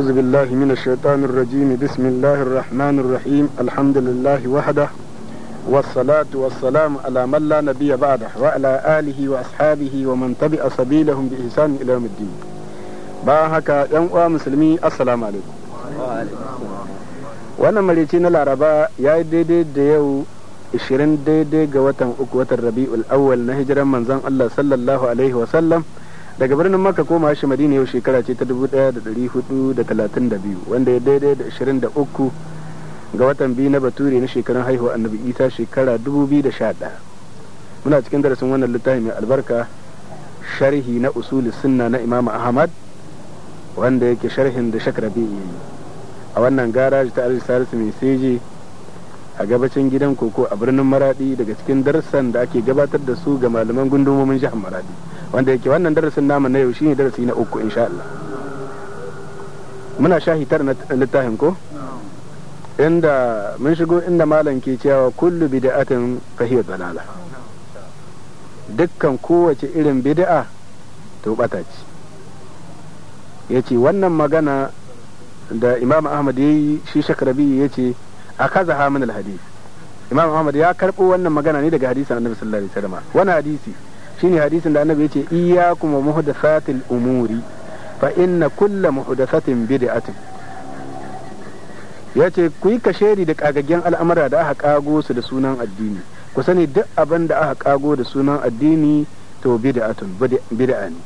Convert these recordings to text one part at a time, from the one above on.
أعوذ بالله من الشيطان الرجيم بسم الله الرحمن الرحيم الحمد لله وحده والصلاة والسلام على من لا نبي بعده وعلى آله وأصحابه ومن تبع سبيلهم بإحسان إلى يوم الدين باهك يوم مسلمي السلام عليكم wannan marici na laraba ya yi daidai da yau 20 daidai ga watan uku watan rabi'ul awwal na hijiran manzon Allah sallallahu alaihi wasallam daga birnin makka koma shi madina yau shekara ce ta 1432 wanda ya daidai da 23 ga watan biyu na bature na shekarun haihuwa annabi isa shekara 2011 muna cikin darasin wannan littafi mai albarka sharhi na usuli sunna na imam ahmad wanda yake sharhin da shakarabi a wannan garaji ta arziki salisu mai seji a gabacin gidan koko a birnin maradi daga cikin darussan da ake gabatar da su ga malaman gundumomin jihar maradi wanda yake wannan darasin namu na yau shine darasi na uku insha Allah muna hitar na littafin ko inda mun shigo inda malam ke cewa kullu bid'atin fahiyat dalala dukkan kowace irin bid'a to bata ce yace wannan magana da imam ahmad yayi shi shakrabi yace akaza ha min alhadis imam muhammad ya karbo wannan magana ne daga hadisin annabi sallallahu alaihi wasallam wannan hadisi shine hadisin da annabi yace iyyakum wa muhdathatil umuri fa inna kulla muhdathatin bid'atun yace ku yi kasheri da kagaggen al'amura da aka kago su da sunan addini ku sani duk abin da aka kago da sunan addini to bid'atun bid'a ne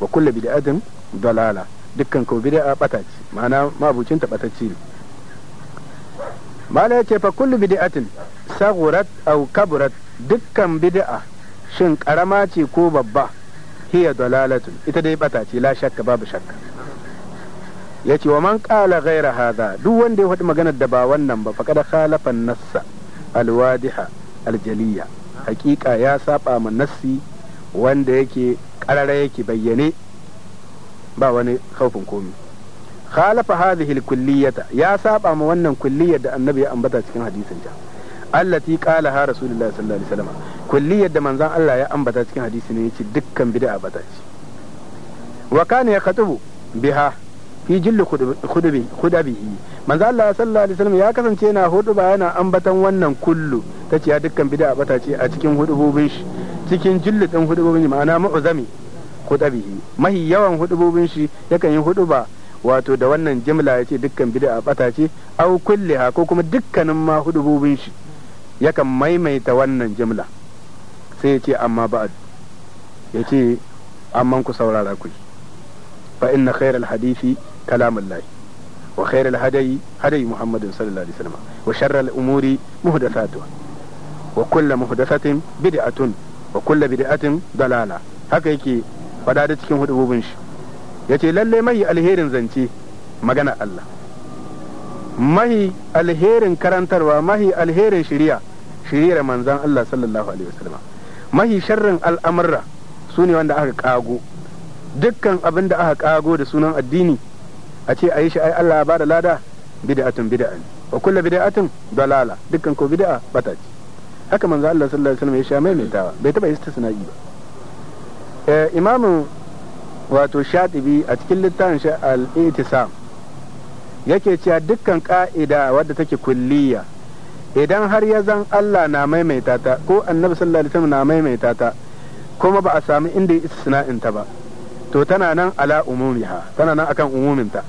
wa kullu bid'atin dalala dukkan ko bid'a bata ce ma'ana mabucin ta batacci ne mala yake fa kullu bid'atin sagurat aw kaburat dukkan bid'a shin karama ce ko babba hiya dalalatun ita dai bata ce la shakka babu shakka yace wa man qala ghayra hadha duk wanda ya faɗi maganar da ba wannan ba faqad khalafa nassa alwadiha aljaliya hakika ya saba ma nassi wanda yake karara yake bayyane ba wani kaufin komi khalafa hadhihi al-kulliyata ya saba ma wannan kulliyar da annabi ya ambata cikin hadisin ta allati qala ha rasulullahi sallallahu alaihi wasallam kulliyar da manzon Allah ya ambata cikin hadisi ne yace dukkan bid'a bata ce wa kana katubu biha fi jill khudubi khudabihi manzon Allah sallallahu alaihi wasallam ya kasance yana huduba yana ambatan wannan kullu tace ya dukkan bid'a bata ce a cikin hudubobin shi cikin jillu din hudubobin ma'ana mu'zami khudabihi mahi yawan hudubobin shi yakan yi huduba wato da wannan jimla ya ce dukkan bid'a bata ce au ha ko kuma dukkanin ma hudububin shi yakan maimaita wannan jimla sai ya ce amma ba'ad ya ce amma ku saurara ku fa inna khairal hadisi kalamullahi wa khairal hadayi hadayi muhammadin sallallahu alaihi wasallam wa sharral umuri muhdathatuha wa kullu muhdathatin bid'atun wa kullu bid'atin dalala haka yake fada da cikin hudububin shi ya ce lalle mahi alherin zance magana Allah mahi alherin karantarwa mahi alherin shiriya shiriyar manzan Allah sallallahu alaihi wasallam mahi sharrin al'amurra su ne wanda aka kago dukkan abin da aka kago da sunan addini a ce a yi shi ai Allah ba da lada bid'atun bid'a ne wa kullu bid'atin dalala dukkan ko bid'a bata ce haka manzan Allah sallallahu alaihi wasallam ya sha maimaitawa bai taba istisna'i ba eh, imamu wato Shaɗibi a cikin littafin shi al yake cewa dukkan ƙa'ida wadda take kulliya idan har ya zan Allah na maimaita ta ko annabi sallallahu alaihi wasallam na maimaita ta kuma ba a sami inda istisna'in ta ba to tana nan ala umumiha tana nan akan umuminta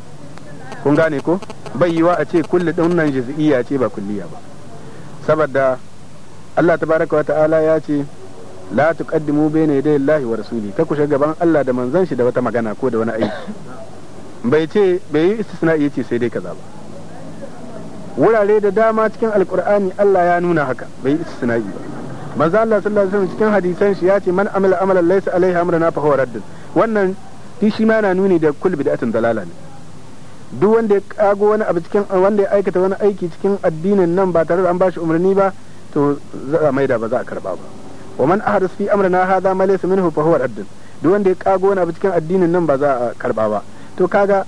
kun gane ko bai yiwa a ce kulli nan juz'iyya ce ba kulliya ba saboda Allah tabaraka wa ta'ala ya ce la tuqaddimu bayna yaday Allah wa rasuli ka kushe gaban Allah da manzon shi da wata magana ko da wani aiki bai ce bai yi istisna'i yace sai dai kaza ba wurare da dama cikin alqur'ani Allah ya nuna haka bai yi ba manzo Allah sallallahu alaihi wasallam cikin hadisan shi yace man amila amalan laysa alaihi amruna fa huwa raddun wannan shi ma na nuni da kullu bid'atin dalala ne duk wanda ya kago wani abu cikin wanda ya aikata wani aiki cikin addinin nan ba tare da an bashi umarni ba to za a maida ba za a karba ba wa man ahadus fi amrina hadha ma laysa minhu fa huwa radd duk wanda ya kago wani abu cikin addinin nan ba za a karba ba to kaga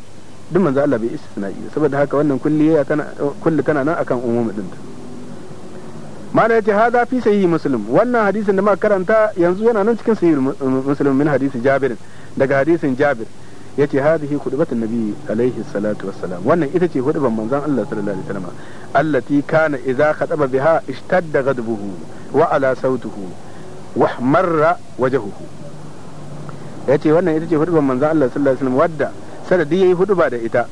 duk manzo Allah bai iya saboda haka wannan ya kana kulli tana nan akan umumi din ta mala yace hadha fi sahihi muslim wannan hadisin da muka karanta yanzu yana nan cikin sahihi muslim min hadisi jabir daga hadisin jabir yace hadhihi na nabi alaihi salatu wassalam wannan ita ce ban manzon Allah sallallahu alaihi wasallam allati kana idza khataba biha ishtadda ghadbuhu wa ala sautuhu marra wajahuhu yace wannan ita ce hudubar manzon Allah sallallahu alaihi wasallam wadda sanadi yayi huduba da ita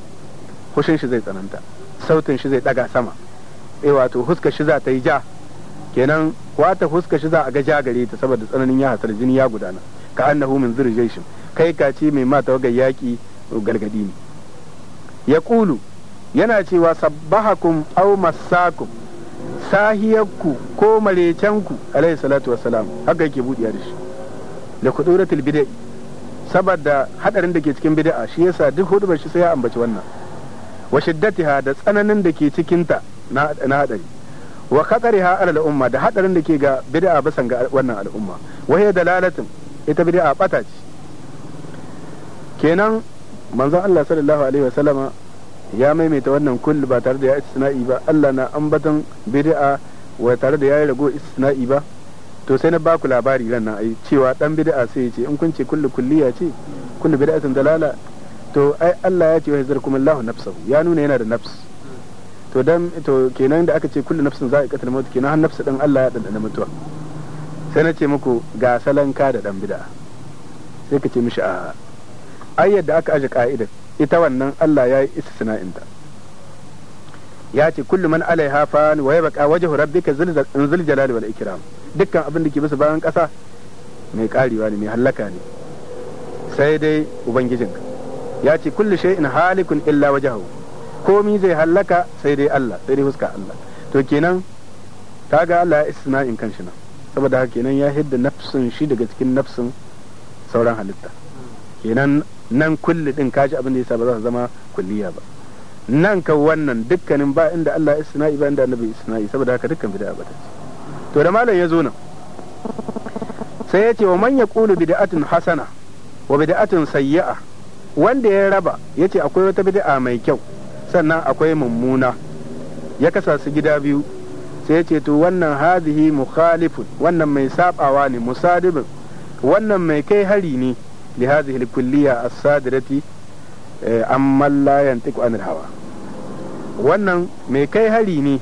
hushin shi zai tsananta sautin shi zai daga sama eh wato huska shi za ta yi ja kenan wata huska shi za a ga ja gare ta saboda tsananin ya hasar jini ya gudana ka annahu min zirjaishin kai ka ce mai mata wagar yaki gargadi ne ya kulu yana cewa sabbahakum aw massakum sahiyarku ko malecenku alaihi salatu wassalam haka yake buɗiya da shi da kuduratul bid'a saboda hadarin da ke cikin bid'a shi yasa duk hudubar shi sai ya ambaci wannan wa shiddatiha da tsananin da ke cikin ta na hadari wa khatariha ala al'umma da hadarin da ke ga bid'a basan ga wannan al'umma wa da dalalatin ita bid'a bata ce kenan manzon Allah sallallahu alaihi wasallama ya maimaita wannan kull ba tare da ya istina'i ba Allah na ambaton bid'a wa tare da ya yi rago istina'i ba to sai na ba ku labari ran nan ai cewa dan bid'a sai ya ce in kun ce kullu kulliya ce kullu bid'atin dalala to ai Allah ya ce wa yazarkum Allahu nafsahu ya nuna yana da nafs to dan to kenan da aka ce kullu nafsin za a katal mutu kenan har nafsu dan Allah ya dandana mutuwa sai na ce muku ga salanka da dan bid'a sai ka ce mishi a ai yadda aka aje ka'idar ita wannan Allah ya yi istisna'inta ya ce kullu man alaiha fan wa yabqa wajhu rabbika zul jalali wal ikram dukkan abin da ke bisa bayan kasa mai karewa ne mai hallaka ne sai dai ubangijinka ya ce kullu shay'in halikun illa wajhahu komi zai hallaka sai dai Allah sai dai huska Allah to kenan kaga Allah ya istisna'in kanshi nan saboda haka kenan ya hidda nafsin shi daga cikin nafsin sauran halitta kenan nan kulli din kaji abin da yasa ba za su zama kulliya ba nan ka wannan dukkanin ba inda Allah isna'i ba inda annabi isna'i saboda haka dukkan bid'a ba ta to da malam ya zo nan sai ya ce wa man yaqulu bid'atun hasana wa bid'atun sayyi'a wanda ya raba ya ce akwai wata bid'a mai kyau sannan akwai mummuna ya kasa su gida biyu sai ya ce to wannan hadhihi mukhalifun wannan mai sabawa ne musadibin wannan mai kai hari ne لهذه الكلية الصادرة عمن لا ينطق عن hawa wannan mai kai hari ne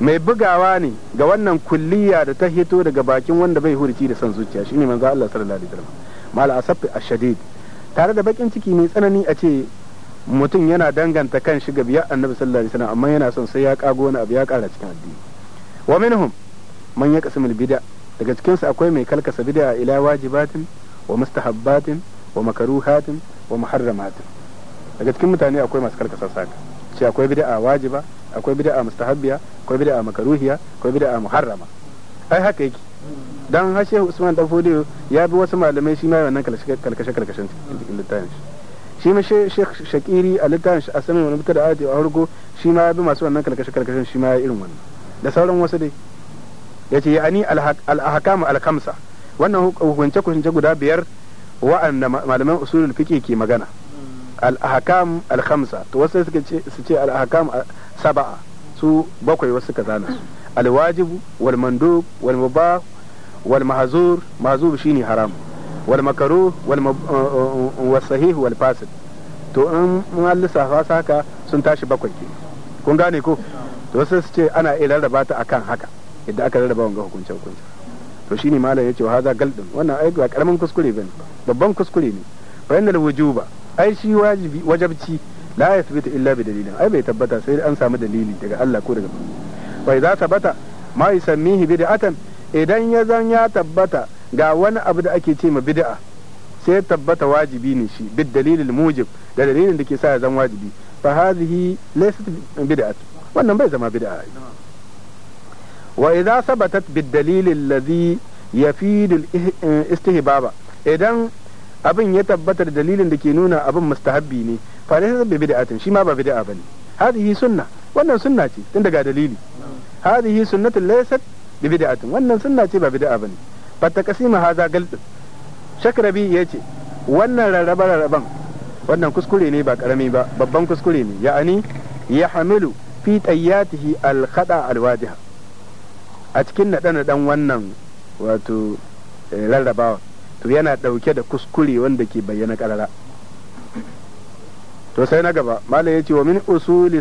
mai bugawa ne ga wannan kulliya da ta hito daga bakin wanda bai hurci da son zuciya shine manzo Allah sallallahu alaihi wasallam mal asaf Shadid tare da bakin ciki mai tsanani a ce mutum yana danganta kan shi ga biya annabi sallallahu alaihi wasallam amma yana son sai ya kago wani abu ya kara cikin addini wa minhum man yaqsimul bid'a daga cikin su akwai mai kalkasa bid'a ila wajibatin wa mustahabbatin wa makaruhatin wa muharramatin daga cikin mutane akwai masu karkasa saka akwai bid'a wajiba akwai bid'a mustahabbiya akwai bid'a makaruhiya akwai bid'a ai haka dan hashe Usman dan ya bi wasu malamai shi ma wannan kalkashe kalkashen littafin shi shi ma Sheikh Shakiri a littafin shi a sanin wani da ayati a hargo shi ma ya bi masu wannan kalkashe kalkashen shi ma ya irin wannan da sauran wasu dai yace ani al-ahkam al-khamsa wannan hukunce hukunce guda biyar wa'anda malaman usulul fiqh ke magana al-ahkam al-khamsa to wasu suka ce su ce al-ahkam sab'a su bakwai wasu suka zana al-wajib wal mandub wal mubah wal mahzur mahzur shine haram wal makruh wal uh, uh, was sahih wal fasid to in an lissafa haka sun tashi bakwai ke kun gane ko to wasu su ce ana iya rarraba ta akan haka yadda aka rarraba wanga hukunce hukunce to shine malam yace haza galdin wannan ai ba karamin kuskure bane babban kuskure ne fa innal wujuba ai shi wajibi wajabci la yathbitu illa bi dalilin ai bai tabbata sai an samu dalili daga Allah ko daga fa idza tabata ma yusammihi bid'atan idan ya zan ya tabbata ga wani abu da ake ce ma bid'a sai tabbata wajibi ne shi bid dalilil mujib da dalilin da ke sa ya zan wajibi fa hadhihi laysat bid'at wannan bai zama bid'a wa idza sabatat bid dalil alladhi yafidu istihbaba idan abin ya tabbatar dalilin da ke nuna abin mustahabbi ne fa laysa bi bid'atin shi ma ba bid'a bane hadhihi sunna wannan sunna ce tun daga dalili hadhihi sunnatu laysat bi bid'atin wannan sunna ce ba bid'a bane fa taqsima hadha galdin shakrabi yace wannan rarraba rarraban kuskure ne ba karami ba babban kuskure ne ya'ani ya hamilu fi tayyatihi al khada al wadiha a cikin naɗe-naɗen wannan wato eh, rarrabawa to yana ɗauke da kuskure wanda ke bayyana ƙarara to sai na gaba mala ya ce wa min usuli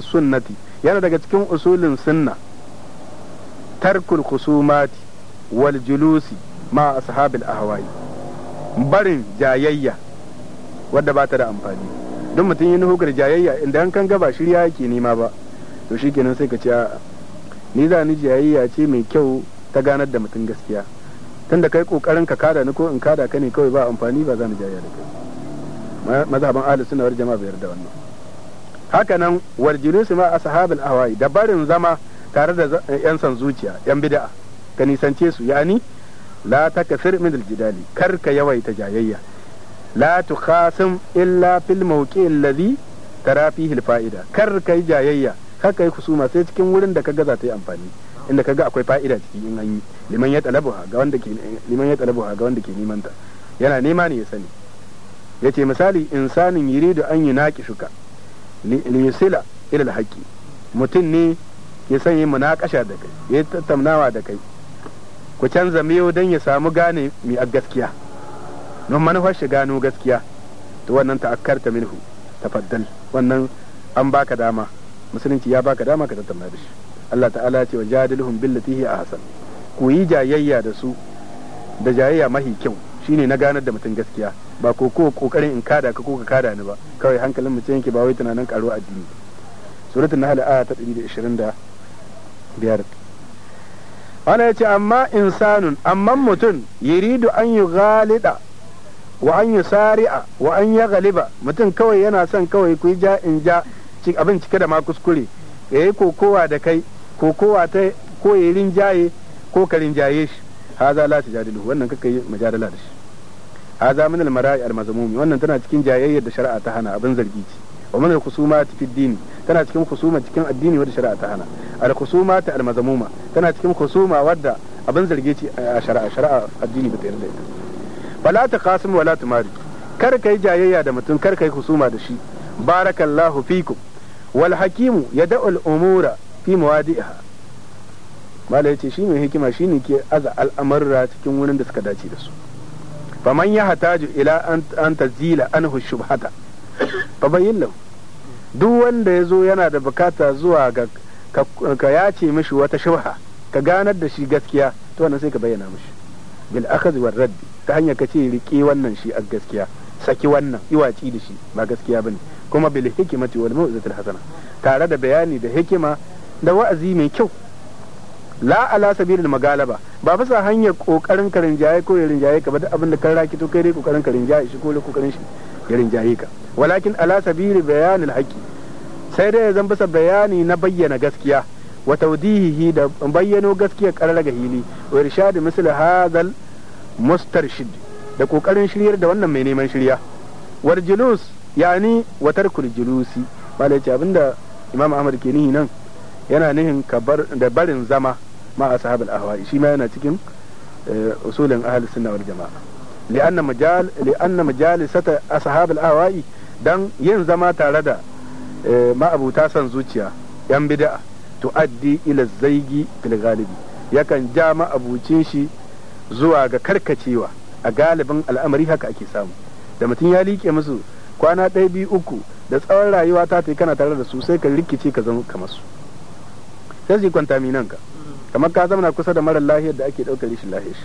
sunnati yana daga cikin usulin sunna tarkul khusumati wal julusi ma ashabil ahwa'i barin jayayya wadda ba ta da amfani don mutum yi nuhugar jayayya inda an kan gaba shirya yake nema ba to shi kenan sai ka ce ni za ni jayayya ce mai kyau ta ganar da mutum gaskiya tunda kai kokarin ka kada ni ko in kada ka ne kawai ba amfani ba za ni jayayya da kai mazhaban ahlus sunna wal jama'a bai yarda wannan hakanan wal julusu ma ashabul ahwa'i dabarin zama tare da eh, yan san zuciya yan bid'a ka nisance su yani la takasir min aljidali kar ka yawaita jayayya la tukhasim illa fil mawqi'il alladhi tara fihi alfa'ida kar yi jayayya kaka yi kusuma sai cikin wurin da kaga za ta yi amfani inda ka kaga akwai fa'ida ciki in an yi liman ya talabu ga wanda ke liman ga wanda ke neman ta yana nema ne ya sani ya ce misali insanin da an naƙi shuka li ilal ila mutum ne ya sanya munaƙasha da kai ya tattaunawa da kai ku canza miyo don ya samu gane mi a gaskiya don manufar shi gano gaskiya to wannan ta milhu minhu tafaddal wannan an baka dama musulunci ya baka dama ka tattauna da shi Allah ta'ala ya ce wa jadilhum billati hi ahsan ku yi jayayya da su da jayayya mahi kyau shine na ganar da mutum gaskiya ba ko ko kokarin in kada ka ko ka kada ni ba kawai hankalin mu yake ba wai tunanin karo addini suratul nahl aya ta 125 ana yace amma insanun amma mutum yuridu an yughalida wa an yusari'a wa an yaghliba mutum kawai yana son kawai ku ja in ja abin cike da ma kuskure ya yi kokowa da kai kokowa ta ko ya rinjaye ko ka rinjaye shi haza la tujadilu wannan kaka yi majadala da shi haza min al-mara'i wannan tana cikin jayayyar da shari'a ta hana abin zargi ce wa min al ta fi dini tana cikin khusuma cikin addini wadda shari'a ta hana al ta al tana cikin khusuma wadda abin zargi ce a shari'a shari'a addini ba ta yarda ita wala ta qasim wala tumari kar kai jayayya da mutum kar kai kusuma da shi barakallahu fikum walhakimu ya da'ul umura fi mawadi'iha ya ce shi mai hikima shine ke aza al'amarra cikin wurin da suka dace da su man ya hataju ila an tazila anhu shubhata fa bayyin lahu duk wanda ya zo yana da bukata zuwa ga ka yace mashi wata shubha ka ganar da shi gaskiya to wannan sai ka bayyana mashi. bil aka war raddi ta hanyar ka ce rike wannan shi a gaskiya saki wannan iwaci da shi ba gaskiya bane kuma bil hikimati wal mau'izatil hasana tare da bayani da hikima da wa'azi mai kyau la ala sabilil magalaba ba fasa hanyar kokarin ka rinjaye ko ya rinjaye ka ba da abin da kan raki to kai dai kokarin ka rinjaye shi ko kokarin shi ya rinjaye ka walakin ala sabili bayanil haqi sai dai zan fasa bayani na bayyana gaskiya wa tawdihihi da bayyano gaskiya karraga hili wa irshadi misl hadal mustarshid da kokarin shiryar da wannan mai neman shirya warjulus yani watar kuljulusi malai ce abinda imam ahmad ke nihi nan yana nihin da barin zama ma ashabul ahwa'i shi ma yana cikin eh, usulin ahli sunna wal jama'a li'anna majal li'anna majalisata ashabul ahwa'i dan yin zama tare da eh, ma'abuta san zuciya yan bid'a tu'addi ila zaigi fil galibi yakan ja ma'abucin shi zuwa ga karkacewa a galibin al'amari haka ake samu da mutum ya like musu kwana ɗaya biyu uku da tsawon rayuwa ta ta kana tare da su sai ka rikice ka zama kamar su sai su kwanta minan ka kamar ka zama kusa da marar lahiyar da ake ɗaukar shi lahiyar shi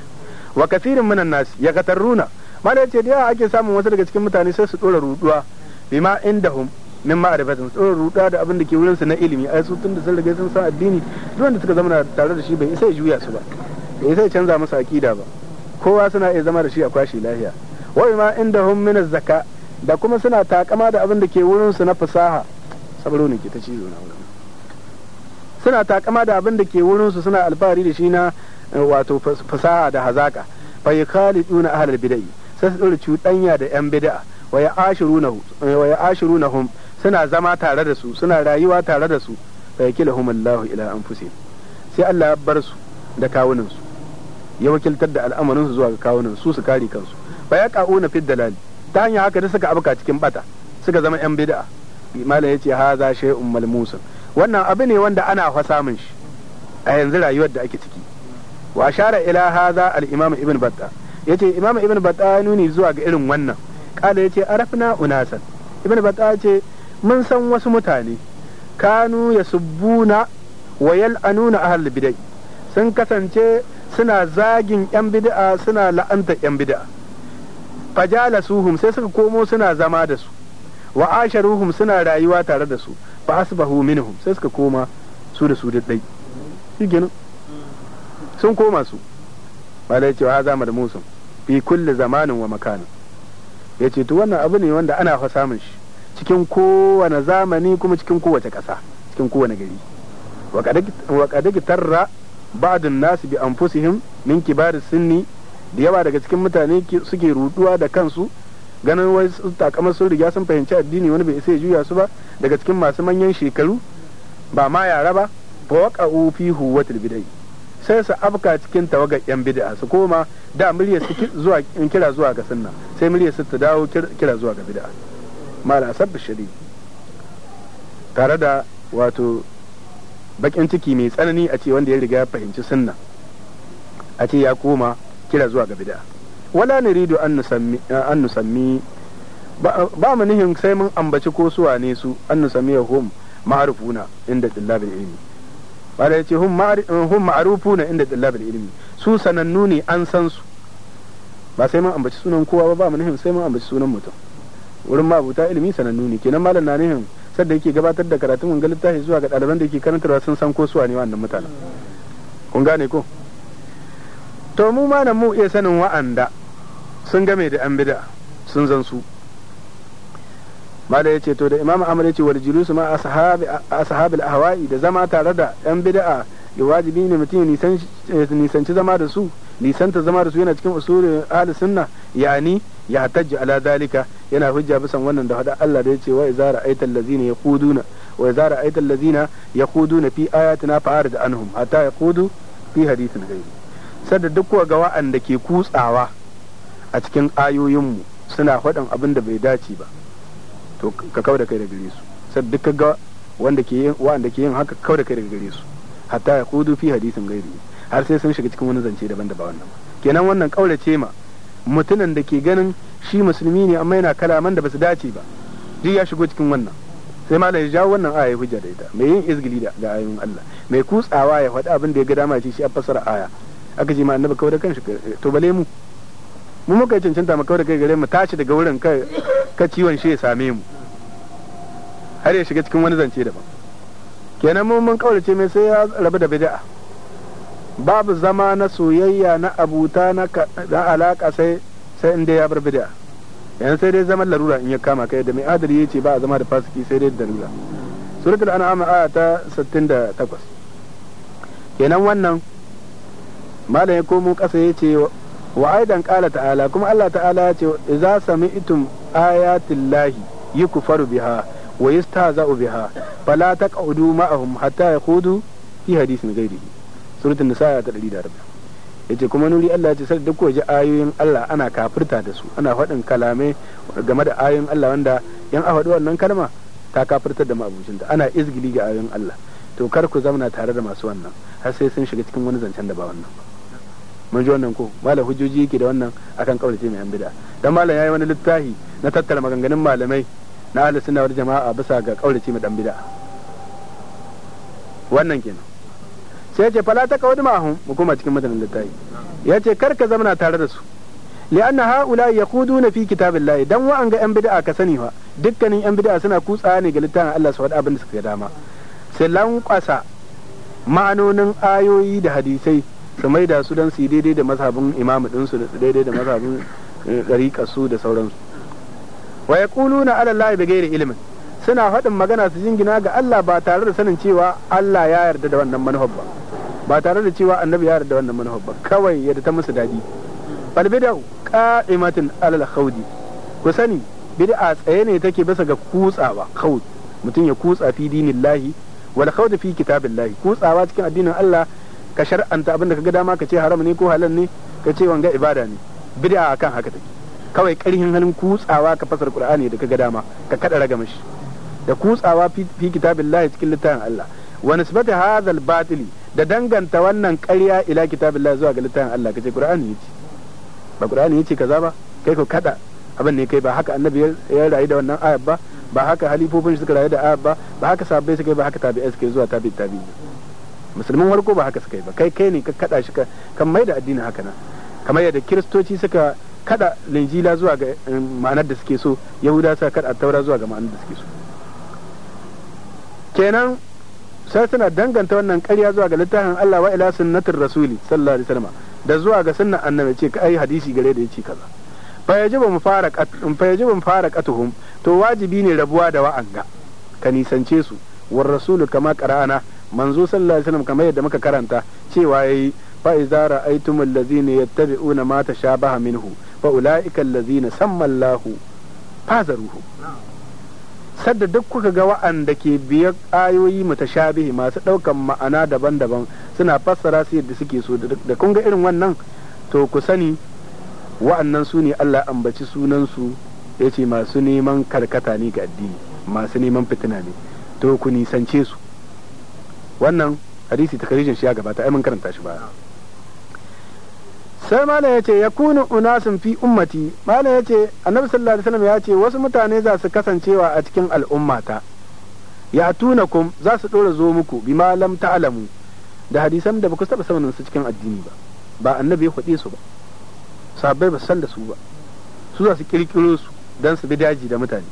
wa kasirin minan nasi ya runa mana yace da yawa ake samun wasu daga cikin mutane sai su ɗora ruduwa bima indahum min ma'rifatin su ɗora ruduwa da abin ke wurin su na ilimi ai su tun da sun riga sun san addini duk wanda suka zama tare da shi bai isa ya juya su ba bai isa ya canza musu akida ba kowa suna iya zama da shi a kwashi lahiya wa bima indahum min zaka da kuma suna takama da abin da ke wurinsu na fasaha sabaro ne ke ta cizo na wurin suna takama da abin da ke wurinsu suna alfahari da shi na eh, wato fasaha da hazaka fa yakhaliduna ahlal bidai sai su dora cuɗanya da yan bid'a wa eh, hum, suna zama tare da su suna rayuwa tare da su fa yakilahum Allahu ila anfusihim sai Allah ya bar su da kawunansu ya wakiltar da al'amarin su zuwa ga kawunan su su kare kansu fa yaqauna fid dalali ta hanyar haka da suka abuka cikin bata suka zama yan bid'a malam yace haza shay'un musa wannan abu ne wanda ana kwa samun shi a yanzu rayuwar da ake ciki wa shara ila haza al-imam ibn batta yace imam ibn batta ya nuni zuwa ga irin wannan kala yace arafna unasan ibn batta yace mun san wasu mutane kanu ya subbuna wa yal'anuna ahal bid'ah sun kasance suna zagin yan bid'a suna la'anta yan bid'a suhum sai suka komo suna zama da su wa asharuhum suna rayuwa tare da su fa asbahu minhum sai suka koma su da su daddai shikenan sun koma su malai cewa da musum fi kulli zamanin wa makanin yace to wannan abu ne wanda ana fa samun shi cikin kowane zamani kuma cikin kowace ƙasa cikin kowane gari wa kadaki tarra ba'dun nasu bi anfusihim min kibar sinni da yawa daga cikin mutane suke ruduwa da kansu ganin wai takamar sun riga sun fahimci addini wani bai isa ya juya su ba daga cikin masu manyan shekaru ba ma yara ba ba waka fi huwatil bidai sai su afka cikin tawaga yan bid'a su koma da muryar su zuwa kira zuwa ga sunna sai muryar su ta dawo kira zuwa ga bid'a mal asab shari tare da wato bakin ciki mai tsanani a ce wanda ya riga ya fahimci sunna a ce ya koma kira zuwa ga bid'a wala ni an an nusammi ba mu nihin sai mun ambaci ko su wane su an nusammi hum ma'arufuna inda tillabil ilmi bada ya ce hum ma'arufuna inda tillabil ilimi su sanannu ne an san su ba sai mun ambaci sunan kowa ba ba mu nihin sai mun ambaci sunan mutum wurin ma abuta ilimi sanannu ne kenan malam na nihin sadda yake gabatar da karatun wanga zuwa ga ɗaliban da yake karantarwa sun san ko su wane wannan mutanen kun gane ko to mu ma mu iya sanin wa'anda sun game da an bida sun zan su mala yace to da imamu amr yace wal julusu ma ashabi a ahwa'i da zama tare da yan bid'a ya wajibi ne mutum nisanci zama da su nisanta zama da su yana cikin usulin ahli sunna yani ya hataji ala dalika yana hujja bisan wannan da hada Allah da yace wa idza ra'aita allazina yaquduna wa idza ra'aita allazina yaquduna fi ayatina fa'arid anhum hatta yaqudu fi hadithin ghayri sada duk ga wa'anda ke kutsawa a cikin ayoyinmu suna faɗin abin da bai dace ba to ka kawo da kai daga gare su sada duk ga wanda ke yin wa'anda ke yin haka kawo da kai daga gare su hatta ya kudu fi hadisin gairi har sai sun shiga cikin wani zance daban da ba wannan kenan wannan kaurace ma mutumin da ke ganin shi musulmi ne amma yana kalaman da basu dace ba duk ya shigo cikin wannan sai malam ya jawo wannan aya hujja da ita mai yin izgili da ga ayoyin Allah mai kutsawa ya faɗi abin da ya ga dama shi shi a fassara aya aka ji ma annabi kawai da kanshi to bale mu mu muka cancanta mu kawai da kai gare mu tashi daga wurin ka ciwon shi ya same mu har ya shiga cikin wani zance daban kenan mu mun kaurace mai sai ya rabu da bid'a babu zama na soyayya na abuta na alaka sai sai inda ya bar bid'a yan sai dai zaman larura in ya kama kai da mai adali ya ce ba a zama da fasiki sai dai da larura suratul an'am ayata ta 68 kenan wannan malam ya komo kasa ya ce wa aidan ƙala ta'ala kuma Allah ta'ala ya ce za sami sami'tum ayatin lahi faru biha wa yustahza'u biha fala ƙaudu ma'ahum hatta kudu fi hadisin ghairihi suratul nisa ta Ya ce kuma nuri Allah ya ce sai da waje ayoyin Allah ana kafirta da su ana faɗin kalame game da ayoyin Allah wanda yan a faɗi wannan kalma ta kafirtar da ma'abucinta ana izgili ga ayoyin Allah to kar ku zamana tare da masu wannan har sai sun shiga cikin wani zancen da ba wannan ba mun ji wannan ko malam hujjoji yake da wannan akan kaulace mai an bid'a dan malam yayi wani littafi na tattara maganganun malamai na ahlus sunna wal jama'a bisa ga kaulace mai dan bid'a wannan kenan sai ya ce fala ta kawad ma'ahum mu koma cikin madanin littafi ya ce kar ka na tare da su li'anna haula yaquduna fi kitabillahi dan an ga yan bid'a ka sani fa dukkanin yan bid'a suna kutsa ne ga littafin Allah su faɗa abin da suka ga dama sai kwasa ma'anonin ayoyi da hadisai su maida su don su yi daidai da mazhabin imamu ɗinsu da su daidai da mazhabin eh, ɗariƙa da sauransu wa ya Kulu na alallahi da gairi ilimin suna haɗin magana su jingina ga Allah ba tare da sanin cewa Allah ya yarda da wannan manhaj ba ba tare da cewa annabi ya yarda da wannan manhaj ba kawai yadda ta musu daɗi bal bid'u qa'imatin alal khawdi ku sani bid'a tsaye ne take bisa ga kutsawa khawd mutum ya kutsa fi dinillahi wal khawd fi kitabillahi kutsawa cikin addinin Allah ka shar'anta abinda da ga dama ka ce haram ne ko halal ne ka ce wanga ibada ne bid'a akan haka take kawai karhin halin kutsawa ka fasar qur'ani da ga dama ka kada raga mishi da kutsawa fi kitabillahi cikin littafin Allah wa nisbata hadha batili da danganta wannan ƙarya ila kitabillahi zuwa ga littafin Allah kace qur'ani yace ba qur'ani yace kaza ba kai ko kada abin ne kai ba haka annabi ya rayu da wannan ayat ba ba haka halifofin suka rayu da ayat ba ba haka sahabbai suka ba haka tabi'ai suka zuwa tabi'i tabi'i musulmin warko ba haka suka yi ba kai kai ne ka kada shi ka mai da addinin haka nan kamar yadda kiristoci suka kada linjila zuwa ga eh, ma'anar da suke so yahuda suka kada taura zuwa ga ma'anar da suke so kenan sai suna danganta wannan ƙarya zuwa ga littafin Allah wa ila sunnatir rasuli sallallahu alaihi wasallam da zuwa ga sunnan annabi ce ka hadisi gare da yace kaza fa yajibu mufaraqatuhum fa yajibu mufaraqatuhum to wajibi ne rabuwa da wa'anga ka nisance su war rasulu kama qara'ana manzo sallallahu alaihi wasallam kamar yadda muka karanta cewa yayi fa idza ra'aytum allazina yattabi'una ma tashabaha minhu fa ulaika allazina samma Allahu fazaruhu sadda duk kuka ga wa'anda ke biyar ayoyi mutashabihi masu daukan ma'ana daban-daban suna fassara su yadda suke so da kun ga irin wannan to ku sani wa'annan su ne Allah ambaci sunan su yace masu neman karkata ne ga addini masu neman fitina ne to ku nisance su wannan hadisi takarijin shi ya gabata ai mun karanta shi ba sai malam ya ce ya kunu unasun fi ummati malam yace annabi sallallahu alaihi wasallam ya ce wasu mutane za su kasancewa a cikin al'ummata ya tunakum za su dora zo muku bi malam ta'lamu da hadisan da baku taba sanin su cikin addini ba ba annabi ya faɗe su ba sabai ba san da su ba su za su kirkiro su dan su bi daji da mutane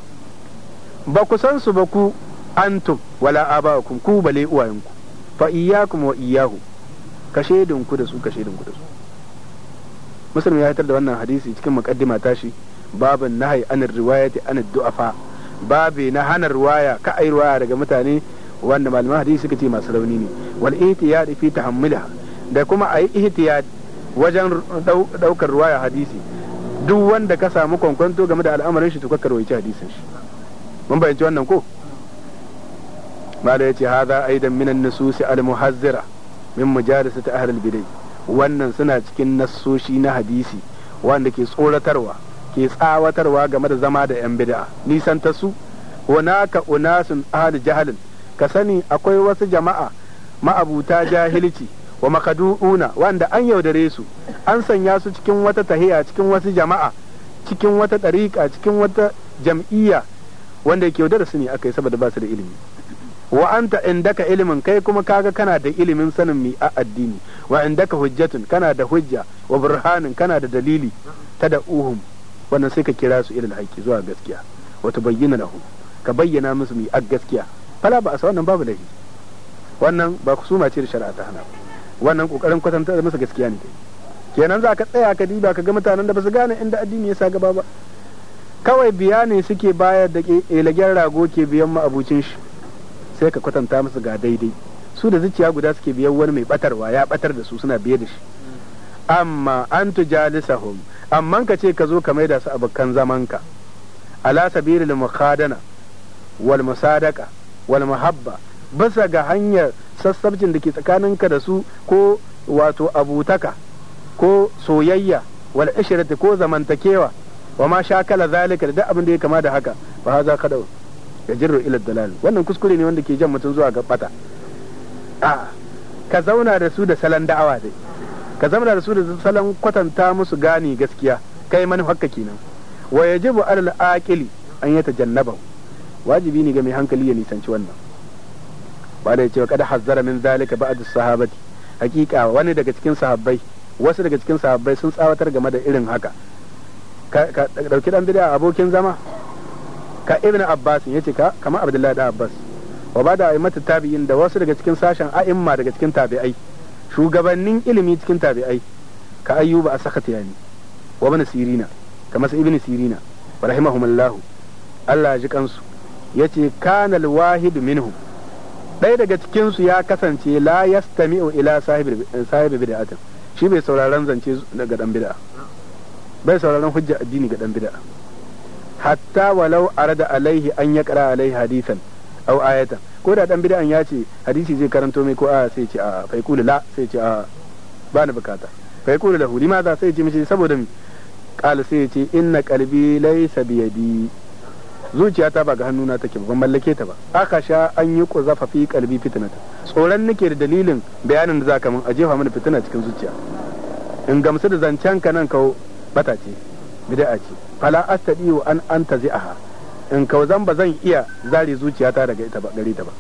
ba ku san su ba ku antum wala aba'akum ku bale uwayenku fa iyyakum wa iyyahu ka shaidin ku da su ka shaidin ku da su muslim ya fitar da wannan hadisi cikin muqaddima tashi babin nahai an riwayati an du'afa babi na hana riwaya ka ai riwaya daga mutane wanda malaman hadisi suka ce masu rauni ne wal ihtiyad fi tahammulha da kuma ayi ihtiyad wajen daukar riwaya hadisi duk wanda ka samu kwankwanto game da al'amarin shi to ka karwaye hadisin shi mun bayyance wannan ko mala yace hadha aidan minan nususi al muhazzira min mujalisati ahli al bidai wannan suna cikin nasoshi na hadisi wanda ke tsoratarwa ke tsawatarwa game da zama da yan bid'a nisan ta su hunaka unasun ahli jahalin ka sani akwai wasu jama'a ma'abuta jahilci wa makadu'una wanda an yaudare su an sanya su cikin wata tahiya cikin wasu jama'a cikin wata ɗariƙa cikin wata jam'iyya wanda ke yaudara su ne aka yi saboda ba su da ilimi wa anta indaka ilimin kai kuma kaga kana da ilimin sanin mi a addini wa indaka hujjatun kana da hujja wa burhanin kana da dalili ta da uhum wannan sai ka kira su ilal haqi zuwa gaskiya wa bayyana lahu ka bayyana musu mi a gaskiya fala ba a san wannan babu lahi wannan ba suma ce da shari'a ta hana wannan kokarin kwatanta da masa gaskiya ne kenan za ka tsaya ka diba ka ga mutanen da ba su gane inda addini ya sa gaba ba kawai biya ne suke bayar da ƙelagen eh, rago ke biyan abucin shi sai ka kwatanta musu ga daidai su da zuciya guda suke biyan wani mai batarwa ya batar da su suna biye da shi amma an tujalisahum amman ka ce ka zo ka maida su abokan zamanka ala sabilil mukhadana wal musadaka wal muhabba bisa ga hanyar sassabcin da ke tsakaninka da su ko wato abutaka ko soyayya wal ishrati ko zamantakewa wa ma shakala zalika da abin da ya kama da haka fa haza kadau ya jirru ila dalal wannan kuskure ne wanda ke jan mutum zuwa ga bata a ka zauna da su da salon da'awa dai ka zauna da su da salon kwatanta musu gani gaskiya kai mani hakka kenan wa yajibu alal aqili an yata jannabau wajibi ne ga mai hankali ya nisanci wannan ba da cewa kada hazzara min zalika ba'd sahabati hakika wani daga cikin sahabbai wasu daga cikin sahabbai sun tsawatar game da irin haka ka dauki dan bid'a abokin zama ka ibn abbas ya ce ka kamar abdullahi da abbas wa ba da mata tabi'in da wasu daga cikin sashen a'imma daga cikin tabi'ai shugabannin ilimi cikin tabi'ai ka ayyuba a sakata yani wa bani sirina kamar ibn sirina wa rahimahumullahu Allah ya ji kansu ce kanal wahid minhum ɗaya daga cikinsu ya kasance la yastami'u ila sahibi bid'atin shi bai sauraron zance ga dan bid'a bai sauraron hujja addini ga dan bid'a hatta walau arada alaihi an ya kara alaihi hadisan au ayatan ko da dan bid'an ya ce hadisi zai karanto mai ko a sai ce a fa yaqulu la sai ce a ba ni bukata fa yaqulu lahu lima za sai ce mishi saboda mi qala sai ce inna qalbi laysa bi yadi zuciyata ba ga hannuna take ban mallake ta ba aka sha an yi kuzafa fi qalbi fitnata tsoron nake da dalilin bayanin da zaka min a jefa mini fitina cikin zuciya in gamsu da zancen ka nan kawo bata ce bid'a ce fala astadiyu an zi'aha in kauzan ba zan iya zare zuciyata daga ita ba gare ta ba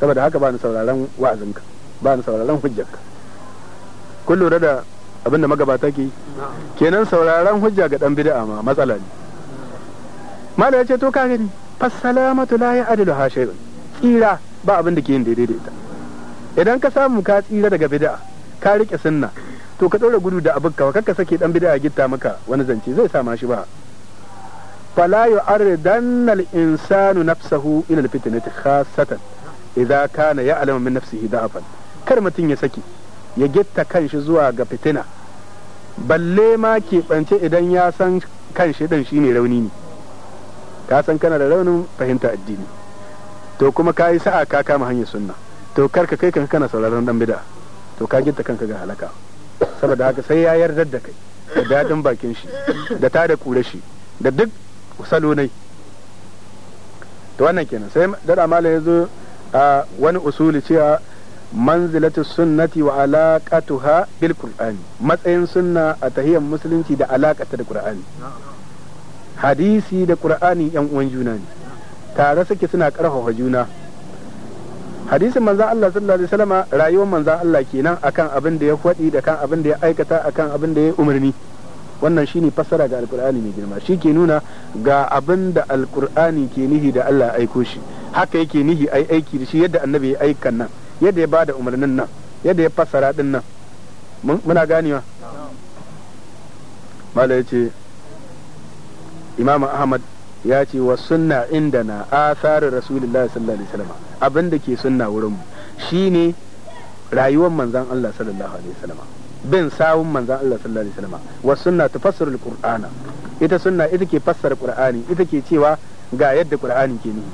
saboda haka ba ni sauraron wa'azinka ba ni sauraron hujjarka kun lura da abinda magabata ke kenan sauraron hujja ga dan bid'a ma matsala ne mala ya ce to ka gani fassalamatu la ya'dilu ha shay'un tsira ba abin da ke yin daidai da ita idan ka samu ka tsira daga bid'a ka rike sunna to ka ɗora gudu da abin ka kakka sake dan bid'a gitta maka wani zance zai sa ma shi ba fala yu'arridanna al-insanu nafsahu ila al-fitnati khassatan idza kana ya'lamu min nafsihi da'afan kar mutum ya saki ya gita kanshi zuwa ga fitina balle ma ke bance idan ya san kanshi din shine rauni ne ka san kana da raunin fahimta addini to kuma ka yi sa'a ka kama hanyar sunna to kar ka kai kanka kana sauraron dan bid'a to ka gitta kanka ga halaka saboda haka sai ya yarda da kai da dadin bakin shi da ta da kure shi da duk salo ne to wannan kenan sai dada malam ya zo a wani usuli cewa manzilatu sunnati wa alaqatuha bil qur'ani matsayin sunna a tahiyyar musulunci da alaqata da qur'ani hadisi da qur'ani yan uwan juna ne tare suke suna karfafa juna hadisin manzan Allah sallallahu alaihi wasallama rayuwar manzan Allah kenan akan abin da ya faɗi da kan abin da ya aikata akan abin da ya umarni wannan shine fassara ga alkur'ani mai girma shi ke nuna ga abin da alkur'ani ke nihi da Allah ya aiko shi haka yake nihi ai aiki da shi yadda annabi ya aika nan yadda ya bada umarnin nan yadda ya fassara din nan muna ganewa mala ya ce imam ahmad ya ce wa sunna inda na asarin rasulullahi sallallahu alaihi wasallam abin da ke sunna wurin mu shine rayuwar manzon Allah sallallahu alaihi wasallam bin sawun manzan Allah sallallahu alaihi wasallam wa sunna tufassirul qur'ana ita sunna ita ke fassara qur'ani ita ke cewa ga yadda qur'ani ke ni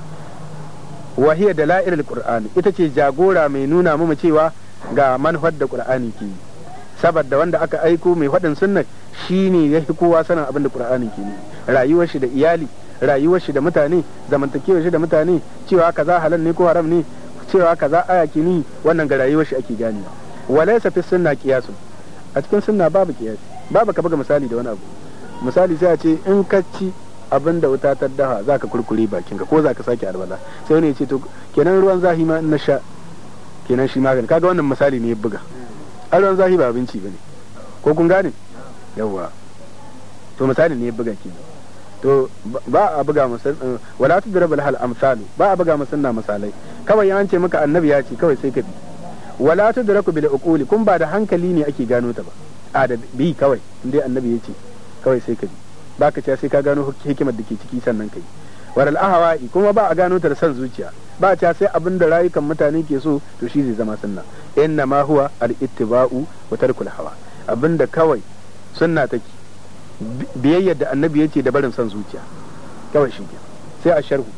wa hiya dalailul qur'ani ita ce jagora mai nuna mu cewa ga manhaj da qur'ani ke saboda wanda aka aiko mai fadin sunna shine ya fi kowa sanin abin da qur'ani ke ni rayuwar shi da iyali rayuwar shi da mutane zamantakewar shi da mutane cewa kaza halal ne ko haram ne cewa kaza aya ke ni wannan ga rayuwar shi ake ganewa walaysa fi sunna qiyasun a cikin sunna babu kiyasi babu ka buga misali da wani abu misali sai a ce in ka ci abin da wuta ta daha za ka kurkure bakinka ko za ka sake albala sai wani ya ce to kenan ruwan zahi ma na sha kenan shi magani kaga wannan misali ne ya buga a ruwan zahi ba abinci bane ko kun gane yawwa to misali ne ya buga kenan to ba a buga eh, wala tudrabul hal amsalu ba a buga musanna misalai kawai an ce maka annabi ya ce kawai sai ka bi wala ta raku bila ukuli kun ba da hankali ne ake gano ta ba a da bi kawai dai annabi ya ce kawai sai ka bi baka ka sai ka gano hikimar da ke ciki sannan kai waral ahawai kuma ba a gano ta da san zuciya ba ta sai abin da rayukan mutane ke so to shi zai zama sunna inna ma huwa al ittiba'u wa tarkul hawa abin da kawai sunna take biyayyar da annabi ya ce da barin san zuciya kawai shi sai a sharhu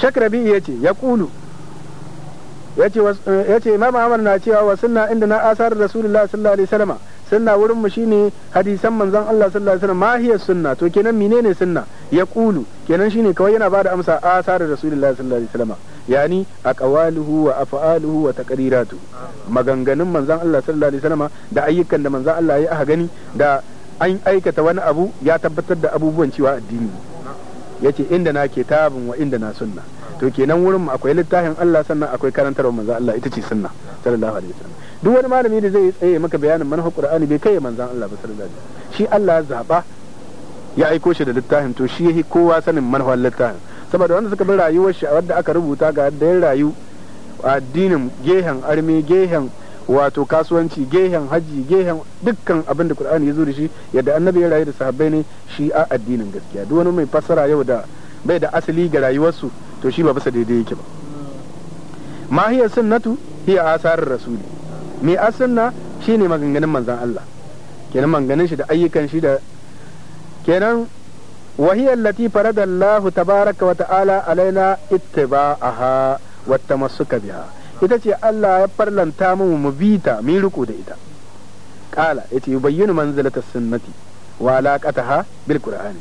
shakrabi ya yaqulu Eh, yace imam Ahmad na cewa wa sunna inda na asar rasulullah sallallahu alaihi wasallam sunna wurin mu shine hadisan manzon Allah sallallahu alaihi wasallam mahiyar sunna to kenan menene sunna ya kulu kenan shine kawai yana bada amsa asar rasulullah sallallahu alaihi wasallam yani aqwaluhu wa af'aluhu wa taqriratu maganganun manzon Allah sallallahu alaihi wasallam da ayyukan da manzon Allah ya aka gani da an aikata wani abu ya tabbatar da abubuwan cewa addini yace inda na kitabun wa inda na sunna to kenan wurin mu akwai littafin Allah sannan akwai karantarwa manzo Allah ita ce sunna sallallahu alaihi wasallam duk wani malami da zai tsaye maka bayanin manhaj Qur'ani bai kai manzo Allah ba sallallahu alaihi wasallam shi Allah zaba ya aiko shi da littafin to shi yake kowa sanin manhaj littafin saboda wanda suka bi rayuwar shi wadda aka rubuta ga da ya rayu addinin gehen arme gehen wato kasuwanci gehen haji gehen dukkan abin da Qur'ani ya zo da shi yadda annabi ya rayu da sahabbai ne shi a addinin gaskiya duk wani mai fassara yau da bai da asali ga rayuwarsu to shi ba bisa daidai yake ba ma hiya sunnatu hiya asarar rasuli me asunna shine maganganun manzan Allah kenan maganganun shi da ayyukan shi da kenan وهي التي فرض الله تبارك وتعالى علينا اتباعها والتمسك biya ita ce Allah ya farlanta mu mu bi ta mu da ita qala yace bayyana manzilata sunnati wa alaqataha bil qur'ani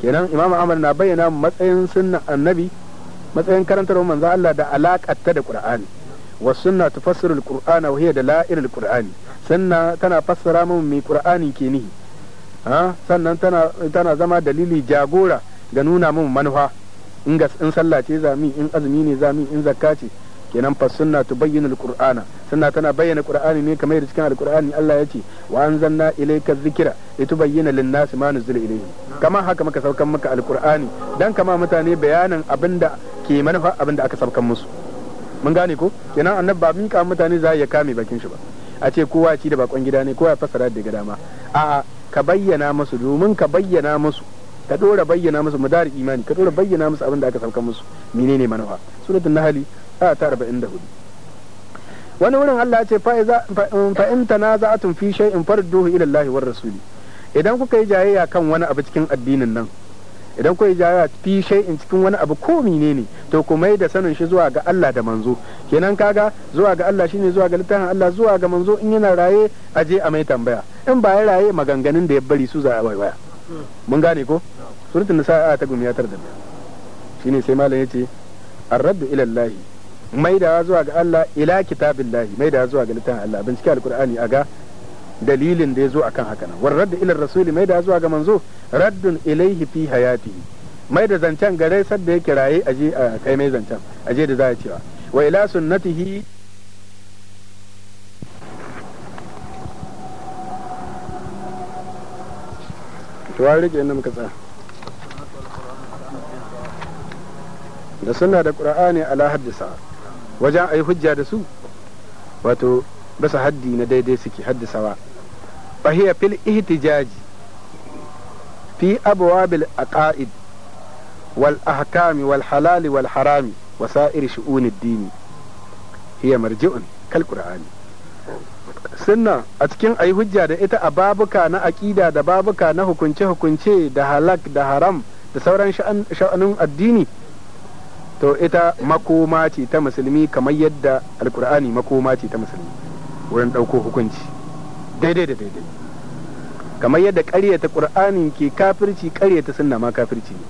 kenan imamu Ahmad na bayyana matsayin sunnan annabi matsayin karantar manzo Allah da alaƙatta da Qur'ani wa sunna tufassiru al-Qur'ana wa da la'irul Qur'ani sunna tana fassara mun mai Qur'ani ke ni ha sannan tana zama dalili jagora ga nuna mun manufa in ga in sallah ce zami in azumi ne zami in zakka ce kenan fa sunna tubayyinul qur'ana sunna tana bayyana qur'ani ne kamar cikin alqur'ani Allah ya ce wa anzalna ilayka dhikra litubayyana lin-nasi ma nuzila ilayhim kama haka muka saukan maka alqur'ani dan kama mutane bayanin abinda ke manufa abin da aka sabkan musu mun gane ko kenan annabi ba mika mutane za ya kame bakin shi ba a ce kowa ci da bakon gida ne kowa ya da gida dama a'a ka bayyana musu domin ka bayyana musu ka dora bayyana musu dari imani ka dora bayyana musu abin da aka sabkan musu menene manufa suratul nahli aya ta 44 wani wurin Allah ya ce fa um, in tanaza'atum fi shay'in farduhu ila Allah war rasuli idan kuka yi jayayya kan wani abu cikin addinin nan idan kuwa ya fi shay'in cikin wani abu ko ne to ku mai da sanin shi zuwa ga Allah da manzo kenan kaga zuwa ga Allah shine zuwa ga littafin Allah zuwa ga manzo in yana raye a je a mai tambaya in ba ya raye maganganun da ya bari su za a waya mun gane ko suratul nisa ta tar da shine sai malam yace ar-raddu ila Allah da zuwa ga Allah ila kitabillahi da zuwa ga littafin Allah bincike alqur'ani aga dalilin da ya zo akan haka nan wani ila rasuli mai da zuwa ga manzo raddun ilaihi fi hayati mai da zancen gare da ya kiraye aje a kai mai zancen aje da za a cewa wa ila sunnatihi to an rike inda muka tsaya da sunna da qur'ani ala haddisa wajen ayi hujja da su wato basa haddi na daidai suke haddisawa fahiya fil ihtijaji fi abwabil aqaid wal ahkami wal halali wal harami wa sa'ir shu'unid dini hiya marji'un kal qur'ani sunna a cikin ayi hujja da ita a babuka na aƙida da babuka na hukunce-hukunce da halak da haram da sauran sha'anin addini to ita makoma ce ta musulmi kamar yadda alkur'ani makoma ce ta musulmi wurin ɗauko hukunci daidai da daidai kamar yadda ƙaryata ƙur'anin ke kafirci ƙaryata sunna ma kafirci ne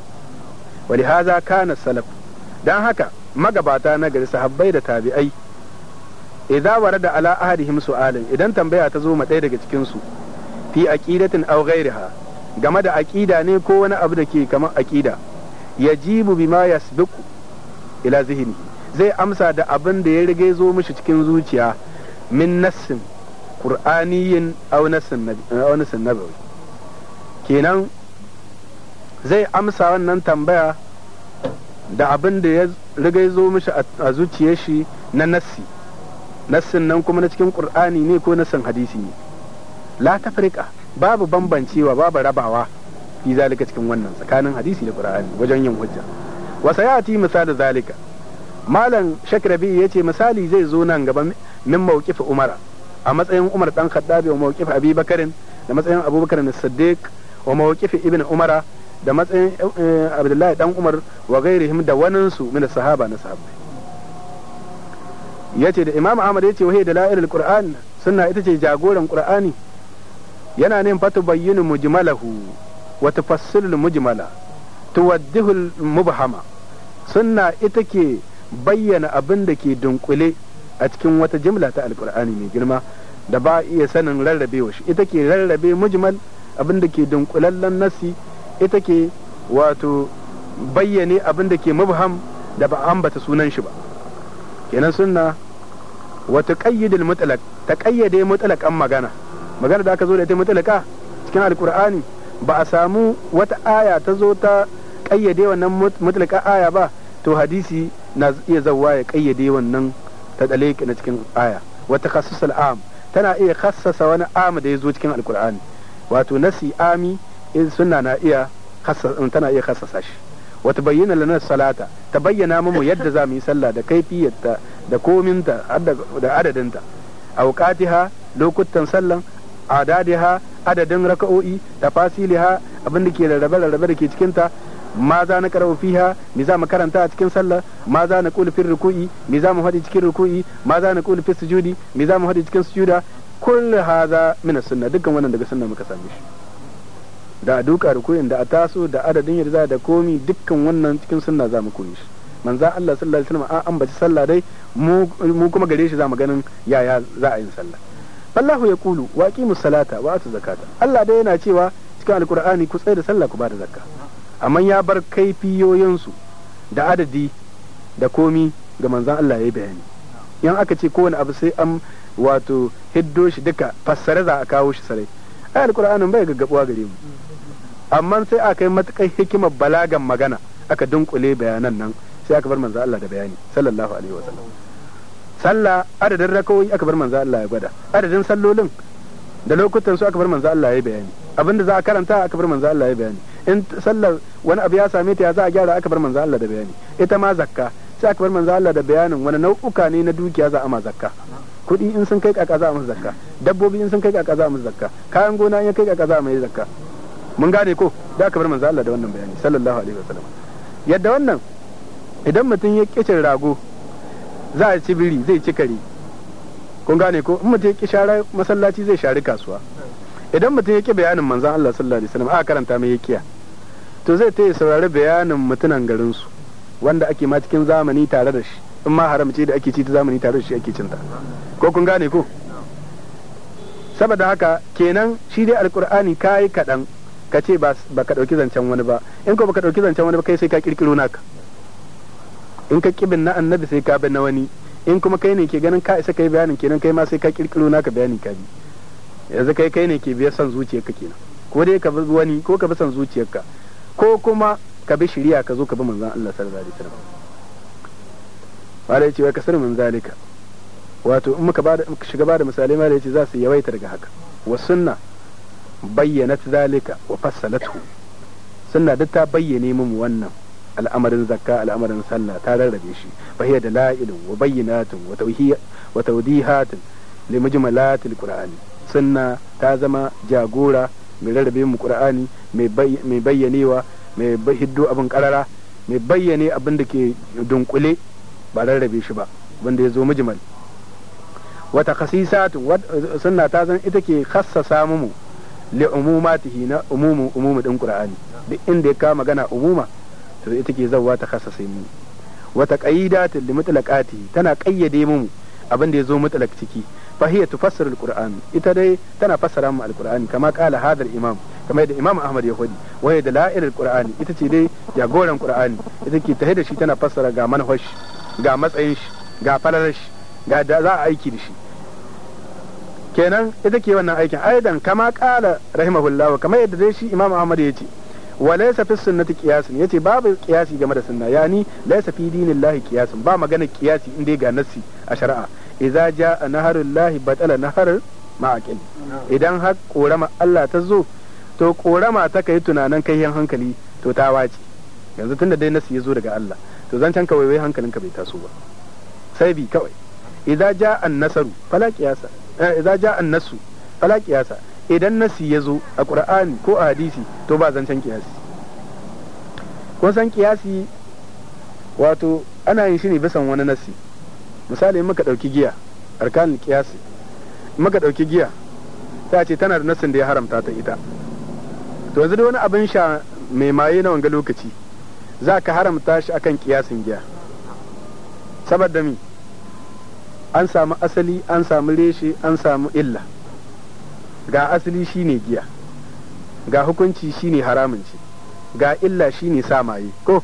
wali haza kana salaf dan haka magabata na gari sahabbai da tabi'ai idza warada ala ahadihim su'alan idan tambaya ta zo ma ɗaya daga cikin su fi aqidatin aw ghayriha game da aqida ne ko wani abu da ke kamar aqida yajibu bima yasbiqu ila zihni zai amsa da abin da ya rige zo mishi cikin zuciya min nassin qur'aniyin aw na nabawi kenan zai amsa wannan tambaya da abin da ya riga zo mishi a zuciyar shi na nassi nassin nan kuma na cikin qur'ani ne ko nassin hadisi ne la tafriqa babu bambancewa babu rabawa fi zalika cikin wannan tsakanin hadisi da qur'ani wajen yin hujja wa sayati misal zalika malam shakrabi yace misali zai zo nan gaba min mawqifi umara a matsayin Umar dan Khattabi wa mawqif Abi Bakarin da matsayin Abu Bakar Siddiq wa mawqif Ibn Umara da matsayin eh, Abdullahi dan Umar wa ghairihim da waninsu min sahaba na sahabbai yace da Imam Ahmad yace wahai da la'irul Qur'an sunna ita ce jagoran Qur'ani yana ne fatu bayyinu mujmalahu wa tafassilul mujmala tuwaddihul mubhama sunna ita ke bayyana abin da ke dunkule a cikin wata jimla ta alkur'ani mai girma da ba iya sanin wa shi ita ke rarrabe mujmal abin da ke dunkulallen nasi ita ke wato bayyane abin da ke mubham da ba ambata sunan shi ba kenan sunna wata qayyidul mutalak ta qayyade mutlaqan magana magana da aka zo da ita mutalaka cikin alkur'ani ba a samu wata aya ta zo ta kayyade wannan mutalaka aya ba to hadisi na iya zawa ya kayyade wannan ta na cikin aya wata takhassus al'am tana iya khassasa wani am da ya zo cikin alqur'ani wato nasi ami in sunna na iya tana iya khassasa shi wata bayyana lana salata bayyana mu yadda za mu yi sallah da kaifiyarta da kominta da adadinta awqatiha lokutan sallan adadiha adadin raka'o'i tafasiliha abin da ke rarrabe rabe-rabe da ke cikinta ma za na karawa fiha mi za mu karanta a cikin sallah ma za na kulu fi ruku'i mi za mu hadi cikin ruku'i ma za na kulu fi sujudi mi za mu hadi cikin sujuda kullu hadha min sunna dukkan wannan daga sunna muka same shi da a duka ruku'in da a taso da adadin yarda da komi dukkan wannan cikin sunna za mu koyi shi manzo Allah sallallahu alaihi wasallam an ambaci sallah dai mu kuma gare shi za mu ganin yaya za a yi sallah Allahu ya kulu wa aqimus salata wa atu zakata Allah dai yana cewa cikin alqur'ani ku tsaya da sallah ku ba da zakka amma ya bar kaifiyoyinsu da adadi da komi ga manzan Allah ya bayani yan aka ce kowane abu sai an wato hiddo shi duka fassare za a kawo shi sarai ai alkur'anin bai gaggabuwa gare mu amma sai aka yi matukar hikimar balagan magana aka dunkule bayanan nan sai aka bar manzan Allah da bayani sallallahu alaihi wa sallam sallah adadin rakawoyi aka bar manzan Allah ya gwada adadin sallolin da lokutan su aka bar manzan Allah ya bayani abinda za a karanta aka bar manzan Allah ya bayani in sallar wani abu ya same ta ya za a gyara aka bar manzo Allah da bayani ita ma zakka sai aka bar manzo Allah da bayanin wani nau'uka ne na dukiya za a ma zakka kuɗi in sun kai kaka za a ma zakka dabbobi in sun kai kaka za a ma zakka kayan gona in kai kaka za a mai zakka mun gane ko da aka bar manzo Allah da wannan bayani sallallahu alaihi wasallam yadda wannan idan mutum ya kice rago za a ci biri zai ci kare kun gane ko in mutum ya ki share masallaci zai share kasuwa idan mutum ya ki bayanin manzon Allah sallallahu alaihi wasallam aka karanta mai yakiya to zai ta saurari bayanin mutunan garinsu wanda ake ma cikin zamani tare da shi in ma haramce da ake ci ta zamani tare da shi ake cinta ko kun gane ko saboda haka kenan shi dai alkur'ani yi kaɗan ka ce ba ka ɗauki zancen wani ba in ko ba ka ɗauki zancen wani ba kai sai ka ƙirƙiro naka in ka kibin na annabi sai ka bi na wani in kuma kai ne ke ganin ka isa kai bayanin kenan kai ma sai ka ƙirƙiro naka bayani ka bi yanzu kai kai ne ke biyar son zuciyarka kenan ko dai ka bi wani ko ka bi san zuciyarka ko kuma ka bi shari'a ka zo ka bi manzan Allah sallallahu alaihi wasallam malai ce wai kasar min zalika wato in muka bada shiga bada misalai malai ce za su yawaita daga haka wa sunna bayyanat zalika wa fassalatu sunna duk ta bayyane mu wannan al'amarin zakka al'amarin sallah ta rarrabe shi fa hiya dalailun wa bayyinatun wa tawhiya wa tawdihatun li mujmalatil qur'ani sunna ta zama jagora mai rarrabe mu qur'ani mai bayyanewa mai hiddo abin karara mai bayyane abin da ke dunkule ba rarrabe shi ba wanda ya zo mujmal wata khasisatun sunna ta zan ita ke khassasa mu li umumatihi na umumu umumu din qur'ani duk inda ya ka magana umuma to ita ke zawa ta khassasa mu wata qaidatun li mutlaqati tana qayyade mu abin da ya zo mutlaq ciki فهي تفسر القرآن دي تنا فسر مع القرآن كما قال هذا الإمام كما يد إمام أحمد يهودي وهي دلائل القرآن تي دي يا قول القرآن كي تهدى شي تنا فسر غا منهوش غا مسعينش غا فلرش غا دا أيكي دشي kenan ita ke wannan aikin aidan kama kala rahimahullahu kama yadda dai shi imam ahmad yace wa laysa fi sunnati qiyasun yace babu qiyasi game da sunna yani laysa fi dinillahi qiyasun ba magana qiyasi inda ga nassi a shari'a idza jaa naharullahi batala nahar ma'aqil idan har korama Allah ta zo to korama ta kai tunanin kai yan hankali to ta wace yanzu tunda dai nasu ya zo daga Allah to zan can kawai hankalinka bai taso ba sai bi kawai idza jaa an-nasaru fala qiyasa eh, idza jaa an-nasu fala qiyasa idan nasi ya zo a qur'ani ko a hadisi to ba zancen kiyasi kun san kiyasi wato ana yin shi ne bisan wani nasi misali muka ɗauki giya arkan kiyasi muka ɗauki giya ta ce tana da nassin da ya haramta ta ita to yanzu da wani abin sha mai maye na wanga lokaci za ka haramta shi akan kiyasin giya saboda mi an samu asali an samu reshe an samu illa ga asali shine giya ga hukunci shine haramun ci ga illa shine sa maye ko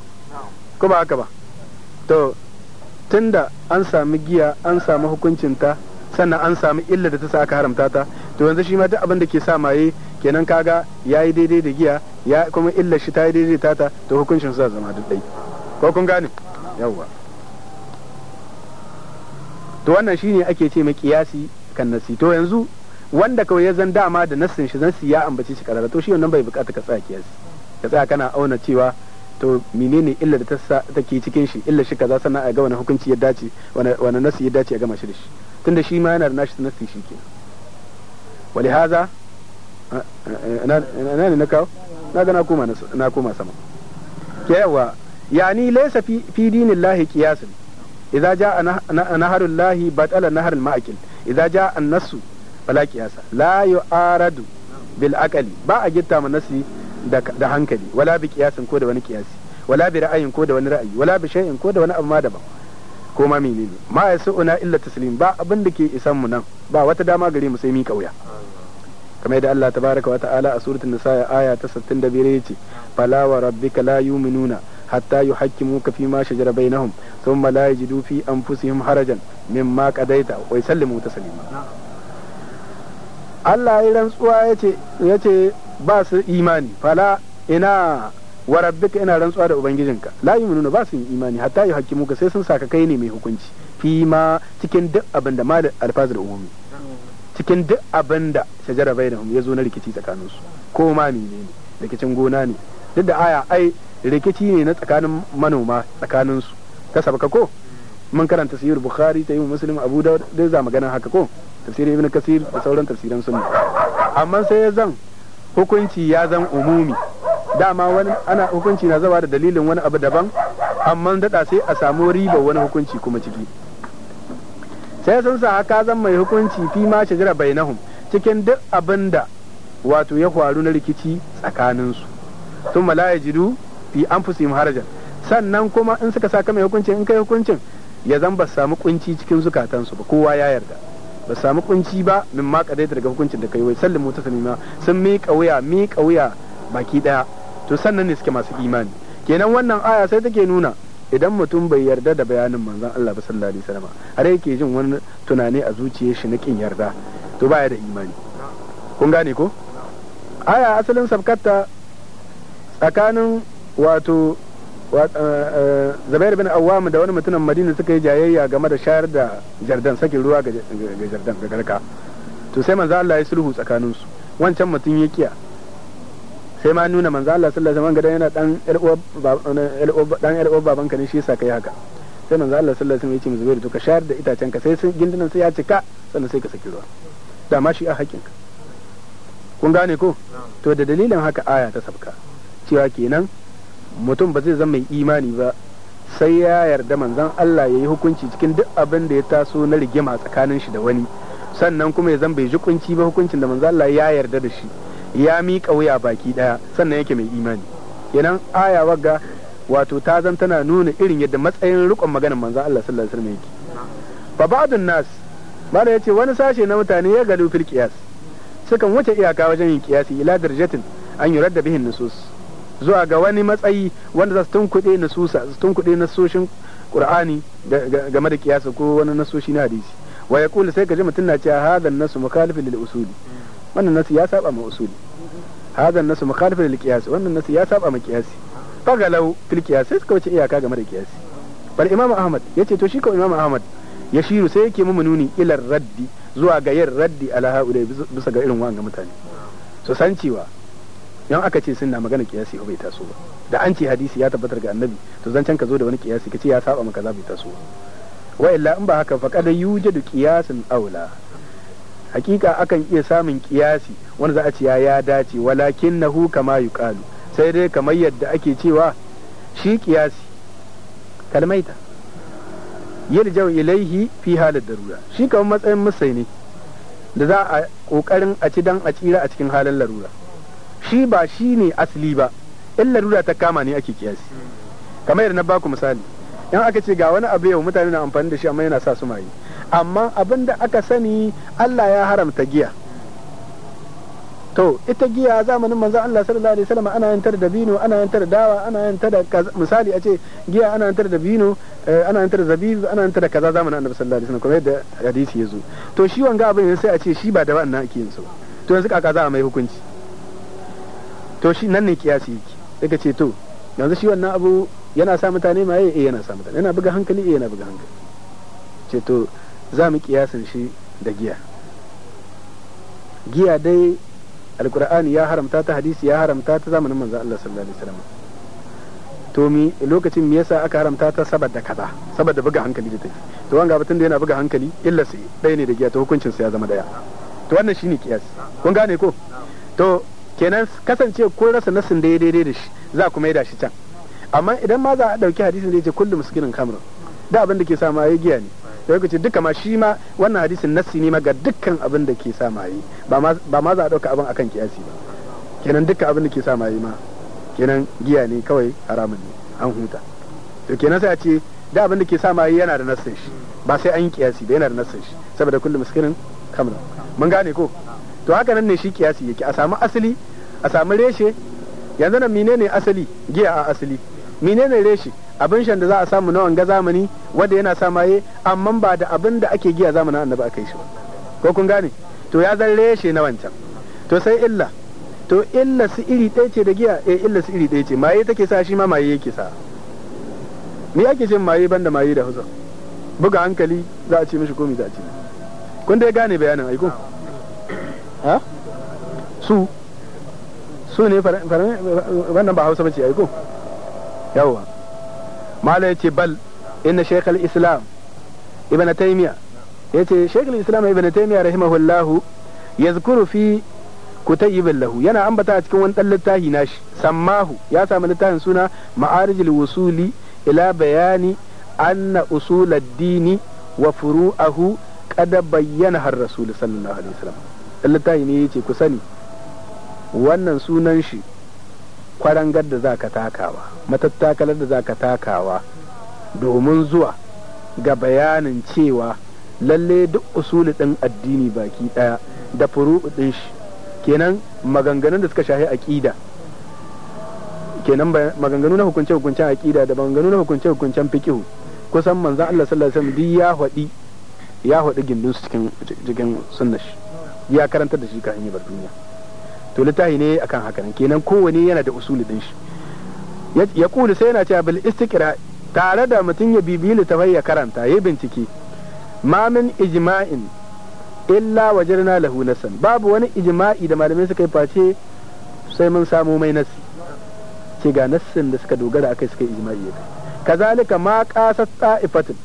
ko ba haka ba to tunda an sami giya an sami hukuncinta sannan an sami illa da ta sa aka haramta ta to yanzu shi ma duk abin da ke sa maye kenan kaga yayi daidai da giya ya kuma illa shi ta yi daidai ta ta to hukuncin sa zama duk dai ko kun gane yawwa to wannan shine ake ce mai kiyasi kan nasi to yanzu wanda kawai ya zan dama da nassin shi zan siya ambace shi karara to shi wannan bai bukata ka tsaya kiyasi ka tsaya kana auna cewa to menene illa da ta ke cikin shi illa shi kaza sannan a ga wani hukunci ya dace wani nasi ya dace a gama shi da shi tunda shi ma yana da nashi na shi ke wali haza na ne na kawo na ga na koma sama yawa ni laisa fi fi dinillahi qiyasun idza jaa lahi batala naharul ma'akil idza jaa an-nasu bala kiyasa la yu'aradu bil aqli ba a gitta ma nasi da hankali wala bi kiyasin ko da wani kiyasi wala bi ra'ayin ko da wani ra'ayi wala bi shay'in ko da wani abu ma daban ko ma menene ma yasu'una illa taslim ba abin da ke isan mu nan ba wata dama gare mu sai mi kauya kamar yadda Allah tabaraka wa ta'ala a suratul nisa aya ta 62 yace fala wa rabbika la yu'minuna hatta yuhaqqimuka fi ma shajara bainahum thumma la yajidu fi anfusihim harajan mimma qadaita wa yusallimu taslima Allah ya rantsuwa yace yace ba su imani fala ina wa rabbika ina rantsuwa da ubangijinka la yu'minuna ba su imani hatta yuhaqqimu ka sai sun saka kai ne mai hukunci fi ma cikin duk abin da mal da umumi cikin duk abin da shajara bainahum yazo na rikici tsakanin su ko ma menene rikicin gona ne duk da aya ai rikici ne na tsakanin manoma tsakanin su ka sabaka ko mun karanta sayyid bukhari ta yi muslim abu dawud duk za magana haka ko tafsirin ibn kasir da sauran tafsiran sunna amma sai ya zan hukunci ya zan umumi dama wani ana hukunci na zawa da dalilin wani abu daban amma daɗa sai a samu riba wani hukunci kuma ciki sai sun sa haka zan mai hukunci fi ma shajara bainahum cikin duk abin da wato ya faru na rikici tsakaninsu tun malaya jidu fi an fusi harajan sannan kuma in suka sa mai hukuncin in kai hukuncin ya zan ba samu kunci cikin zukatansu ba kowa ya yarda ba samu kunci ba min ma kadai daga hukuncin da kai wai ta taslima sun miƙa wuya miƙa wuya baki daya to sannan ne suke masu imani kenan wannan aya sai take nuna idan mutum bai yarda da bayanin manzon Allah ba sallallahu alaihi wasallam har yake jin wani tunani a zuciyar shi na kin yarda to baya da imani kun gane ko aya asalin sabkatta tsakanin wato Eh, eh, zubair bin awam da wani mutumin madina suka yi jayayya game da shayar da jardan sakin ruwa ga jardan ga garka to sai manzo Allah ya sulhu tsakanin su wancan mutum ya kiya sai ma nuna manzo Allah sallallahu alaihi wasallam gadan yana dan dan yar uwar babanka ne shi yasa kai haka sai manzo Allah sallallahu alaihi wasallam ya ce mu zubair to ka shayar da itacen ka sai gindinan sai ya cika sannan sai ka saki ruwa da ma shi a hakinka kun gane ko to da dalilin haka aya ta sabka cewa kenan mutum ba zai zama mai imani ba sai ya yarda manzon Allah ya yi hukunci cikin duk abin da ya taso na rigima tsakanin shi da wani sannan kuma ya zama bai ji kunci ba hukuncin da manzon Allah ya yarda da shi ya miƙa wuya baki daya sannan yake mai imani kenan aya wagga wato ta zan tana nuna irin yadda matsayin rikon maganar manzon Allah sallallahu alaihi wasallam yake fa ba'dun nas bada yace wani sashe na mutane ya galu fil qiyas sukan wuce iyaka wajen yin qiyasi ila darjatin an yurda bihin nusus zuwa ga wani matsayi wanda za su tunkuɗe susa su tunkuɗe nasoshin ƙur'ani game da kiyasa ko wani nasoshi na hadisi wa yaqulu sai ka ji mutum na cewa hadan nasu mukhalifin lil usuli wannan nasu ya saba ma usuli hadan nasu mukhalifin lil qiyas wannan nasu ya saba ma qiyasi fagalau fil qiyas sai suka wuce iyaka game da qiyasi bal imam ahmad yace to shi ko imam ahmad ya shiru sai yake mu nuni ilar raddi zuwa ga yin raddi ala haula bisa ga irin wa'anga mutane su san cewa yan aka ce sunna magana kiyasi bai taso ba da an ce hadisi ya tabbatar ga annabi to zancen ka zo da wani kiyasi ka ce ya saba maka za bai taso ba wa illa in ba haka faqad yujadu kiyasin aula hakika akan iya samun kiyasi wanda za a ce ya dace walakinnahu kama yuqalu sai dai kamar yadda ake cewa shi kiyasi kalmaita jau ilaihi fi halin darura shi kamar matsayin musai ne da za a kokarin a ci dan a tsira a cikin halin larura shi ba shi ne asali ba in larura ta kama ne ake kiyasi kamar yadda na baku misali in aka ce ga wani abu yau mutane na amfani da shi amma yana sa su maye amma abin da aka sani Allah ya haramta giya to ita giya zamanin manzon Allah sallallahu alaihi wasallam ana yantar da bino ana yantar da dawa ana yantar da misali a ce giya ana yantar da bino eh, ana yantar da zabibu ana yantar da kaza zamanin Annabi sallallahu alaihi wasallam kuma yadda hadisi yazo to shi wanga abin sai a ce shi ba da wannan ake yin su to yanzu kaka za a mai hukunci to shi nan ne kiyasi yake daga ce to yanzu shi wannan abu yana sa mutane ma eh yana sa mutane yana buga hankali eh yana buga hankali ce to za mu kiyasin shi da giya giya dai alkur'ani ya haramta ta hadisi ya haramta ta zamanin manzon Allah sallallahu alaihi wasallam to mi lokacin me yasa aka haramta ta saboda kaza saboda buga hankali da take to wanga batun da yana buga hankali illa sai dai ne da giya to hukuncin sa ya zama daya to wannan shine kiyasi kun gane ko to kenan kasance kun rasa nasin da ya daidai da shi za ku maida shi can amma idan ma za a ɗauki hadisin da ya ce kullum miskinin kamar da abin da ke sa maye giya ne da kuce duka ma shi ma wannan hadisin nasi ne ga dukkan abin da ke sa maye ba ma za a dauka abin akan kiyasi ba kenan dukkan abin da ke sa maye ma kenan giya ne kawai haramun ne an huta to kenan sai a ce da abin da ke sa maye yana da nasin shi ba sai an yi kiyasi ba yana da nasin shi saboda kullum miskinin kamar mun gane ko to haka nan ne shi kiyasi yake a samu asali a samu reshe yanzu nan menene asali giya a asali menene reshe abin shan da za a samu na wanga zamani wanda yana sa maye amma ba da abin da ake giya zamanin annabi aka yi shi ba ko kun gane to ya zan reshe na wancan to sai illa to illa su iri ɗaya ce da giya eh illa su iri ɗaya ce maye take sa shi ma maye yake sa me ake cin maye banda maye da hausa buga hankali za a ce mishi komi za a ce kun dai gane bayanin aiko ha su su ne wannan ba hausa bace aiko yawwa mala yace bal inna shaykh islam ibn taymiya yace shaykh al-islam ibn taymiya rahimahullah yazkuru fi kutayib lahu yana ambata a cikin wani dan littafi nashi sammahu ya samu littafin suna ma'arijul wusuli ila bayani anna na ad-dini wa furu'ahu qad bayyana har rasul sallallahu alaihi wasallam littafi ne yace ku sani wannan sunan shi kwarangar da za ka takawa matattakalar da za ka takawa domin zuwa ga bayanin cewa lalle duk usuli ɗin addini baki ɗaya da furu'u ɗin shi kenan maganganun da suka shahi aƙida kenan maganganu na hukunce hukuncen aƙida da maganganu na hukunce hukuncen fiƙihu kusan manzan Allah sallallahu alaihi wasallam duk ya hwadi ya hwadi gindin cikin cikin shi ya karanta da shi kan yi bar duniya to littafi ne akan nan kenan kowane yana da usuli din shi ya kulu sai yana cewa bil istiqra tare da mutum ya bibiyi littafai ya karanta ya bincike ma min ijma'in illa wajarna lahu nasan babu wani ijma'i da malamai suka yi face sai mun samu mai nasi ce ga nassin da suka dogara akai suka yi ijma'i kazalika ma qasat ta'ifatin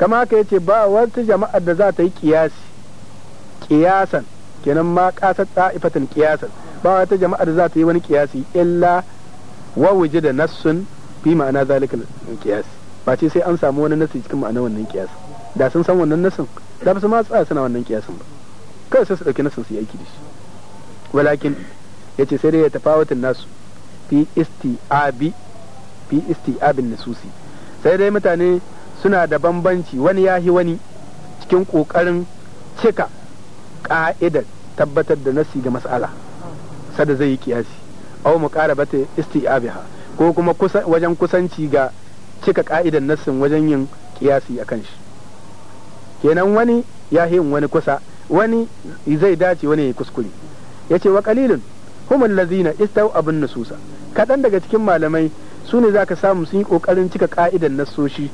kama kai yace ba wata jama'ar da za ta yi kiyasi kiyasan kenan ma qasat taifatan qiyasan ba wata jama'ar za ta yi wani qiyasi illa wa da nassun fi ma'ana zalika qiyas ba ce sai an samu wani nassi cikin ma'ana wannan qiyas da sun san wannan nassin da su ma tsaya suna wannan qiyasin ba kai sai su dauki nassin su yi aiki da shi walakin yace sai dai ya tafawutin nasu fi isti'abi fi isti'abin nasusi sai dai mutane suna da bambanci wani yahi wani cikin kokarin cika ka'idar tabbatar da nasi ga mas'ala sada zai yi kiyasi aw bata isti'abiha ko kuma wajen kusanci ga cika ka'idar nasin wajen yin kiyasi akan shi kenan wani ya yin wani kusa wani zai dace wani ya kuskure yace wa qalilun humul ladzina istaw abun nususa kadan daga cikin malamai su ne zaka samu sun yi ƙoƙarin cika ka'idar nasoshi.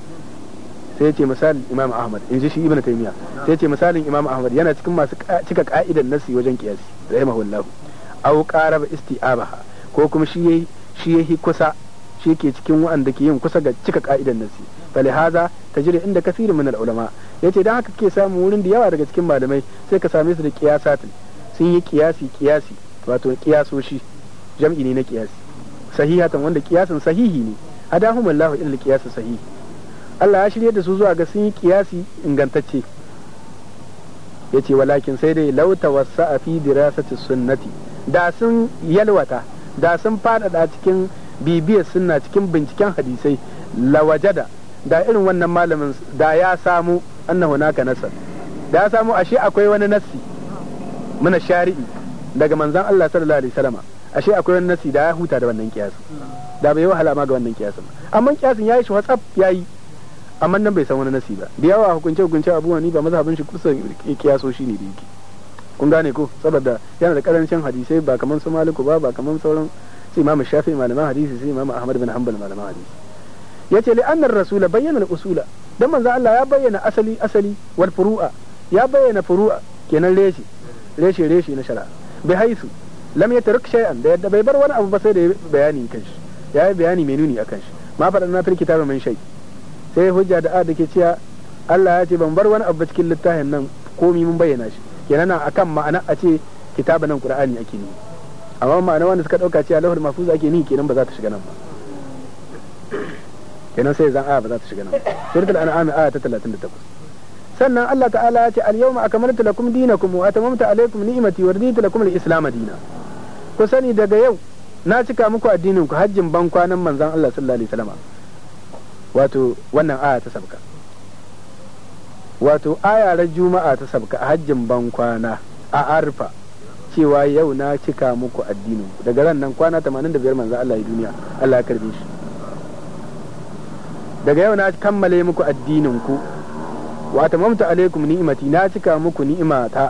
sai ce misalin imam ahmad in ji shi ibn taymiya sai ce misalin imam ahmad yana cikin masu cika kaidar nasi wajen kiyasi rahimahullah aw qaraba isti'abaha ko kuma shi yayi shi yayi kusa shi ke cikin wa'anda ke yin kusa ga cika ka'idar nasi falihaza tajri inda kasirin min ulama yace dan haka kake samu wurin da yawa daga cikin malamai sai ka same su da kiyasatin sun yi kiyasi kiyasi wato kiyasoshi jam'i ne na kiyasi sahihatan wanda kiyasin sahihi ne adahumullahu ila kiyasi sahihi Allah ya shirye da su zuwa ga sun yi kiyasi ingantacce ya ce walakin sai dai lauta wasa a fi dirasati sunnati da sun yalwata da sun faɗaɗa cikin bibiyar sunna cikin binciken hadisai lawajada da irin wannan malamin da ya samu annahu naka nasar da ya samu ashe akwai wani nassi muna shari'i daga manzan Allah sallallahu alaihi wasallam ashe akwai wani nassi da ya huta da wannan kiyasin da bai wahala ma ga wannan kiyasin amma kiyasin yayi shi watsaf yayi amma nan bai san wani nasi ba da yawa hukunce hukunce abu wani ba mazhabin shi kusa kiyaso shi ne da yake kun gane ko saboda yana da karancin hadisai ba kaman su maliku ba ba kaman sauran su imamu shafi malaman hadisi su imamu ahmad bin hanbal malaman hadisi yace li annar rasul bayyana usula dan manzo Allah ya bayyana asali asali wal furu'a ya bayyana furu'a kenan reshe reshe reshe na shari'a bai haisu lam yatruk shay'an da yadda bai bar wani abu ba sai da bayani kan shi ya yi bayani mai nuni akan shi ma faɗa na firkita kitabi min sai hujja da a da ke cewa Allah ya ce ban bar wani abu cikin littafin nan komi mun bayyana shi kenan akan ma'ana a ce kitaba nan qur'ani ake ni amma ma'ana wanda suka dauka cewa lahul mahfuz ake ni kenan ba za ta shiga nan ba kenan sai zan aya ba za ta shiga nan suratul an'am aya ta 38 sannan Allah ta'ala ya ce al-yawma akmaltu lakum dinakum wa atamamtu alaykum ni'mati wa raditu lakum al-islam dinan ku sani daga yau na cika muku addinin ku hajjin ban kwanan manzon Allah sallallahu alaihi wasallam wato wannan aya ta sabka wato ran juma'a ta sabka a hajjin ban kwana a arfa cewa yau na cika muku addinu daga ran nan kwana 85 manzo Allah ya duniya Allah ya karbe shi daga yau na kammale muku addinin ku wa tamamtu alaikum ni'mati na cika muku ni'imata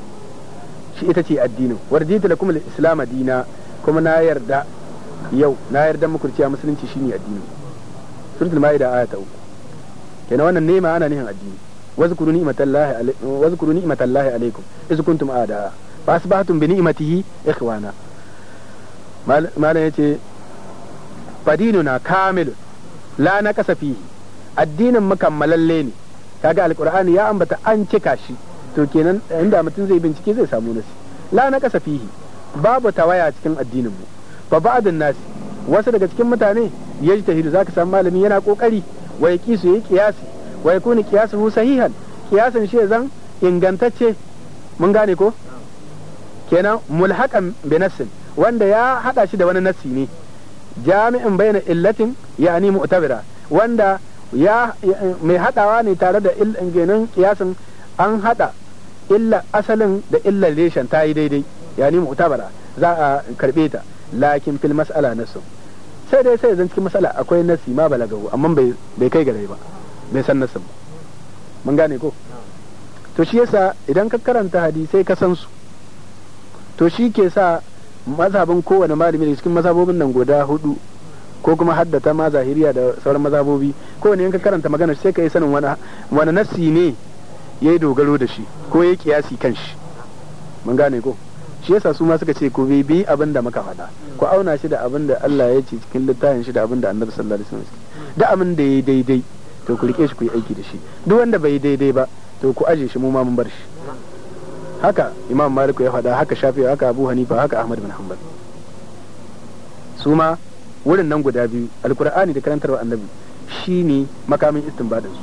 shi ita ce addinin warditu lakum al-islam dina kuma na yarda yau na yarda muku cewa musulunci shine addini suratul maida aya ta uku kenan wannan nema ana nihin addini wasu kuruni wazkuru ni'matallahi alaikum wazkuru ni'matallahi a da'a kuntum a'daa fa asbahtum bi ni'matihi ikhwana malam yace fadinuna kamil la na kasafi addinin makammalalle ne ta ga alqur'ani ya ambata an cika shi to kenan inda mutum zai bincike zai samu nasi la na kasafihi babu tawaya cikin addinin mu fa ba'dun nasi wasu daga cikin mutane ya ji tahiru za ka samu malami yana kokari wa ya kisu ya yi kiyasi wa ya kuni hu sahihan kiyasin shi zan ingantacce mun gane ko kenan mulhaqan bi nassin wanda ya hada shi da wani nassi ne jami'in bayyana illatin yani mu'tabira wanda ya mai hadawa ne tare da ingenin kiyasin an hada illa asalin da illa reshen ta yi daidai yani mu'tabara za a karbe ta lakin fil mas'ala nassin sai dai sai zan cikin matsala akwai nasi ma balagahu amma bai kai gare ba bai san nasin ba mun gane ko to shi yasa idan ka karanta hadisai ka san su to shi ke sa mazhabin kowane malami da cikin mazhabobin nan guda hudu ko kuma haddata ma zahiriya da sauran mazhabobi kowane in ka karanta magana sai ka yi sanin wani nasi ne ya yi dogaro da shi ko ya yi kiyasi kan shi mun gane ko shi yasa su ma suka ce ku bibi abin da muka faɗa ku auna shi da abin da Allah ya ce cikin littafin shi da abin da Annabi sallallahu alaihi wasallam da abin da yayi daidai to ku rike shi ku yi aiki da shi duk wanda bai daidai ba to ku aje shi mu ma mun bar shi haka Imam Malik ya faɗa haka Shafi haka Abu Hanifa haka Ahmad bin Hanbal su ma wurin nan guda biyu alkur'ani da karantarwa annabi shine makamin istinbadin su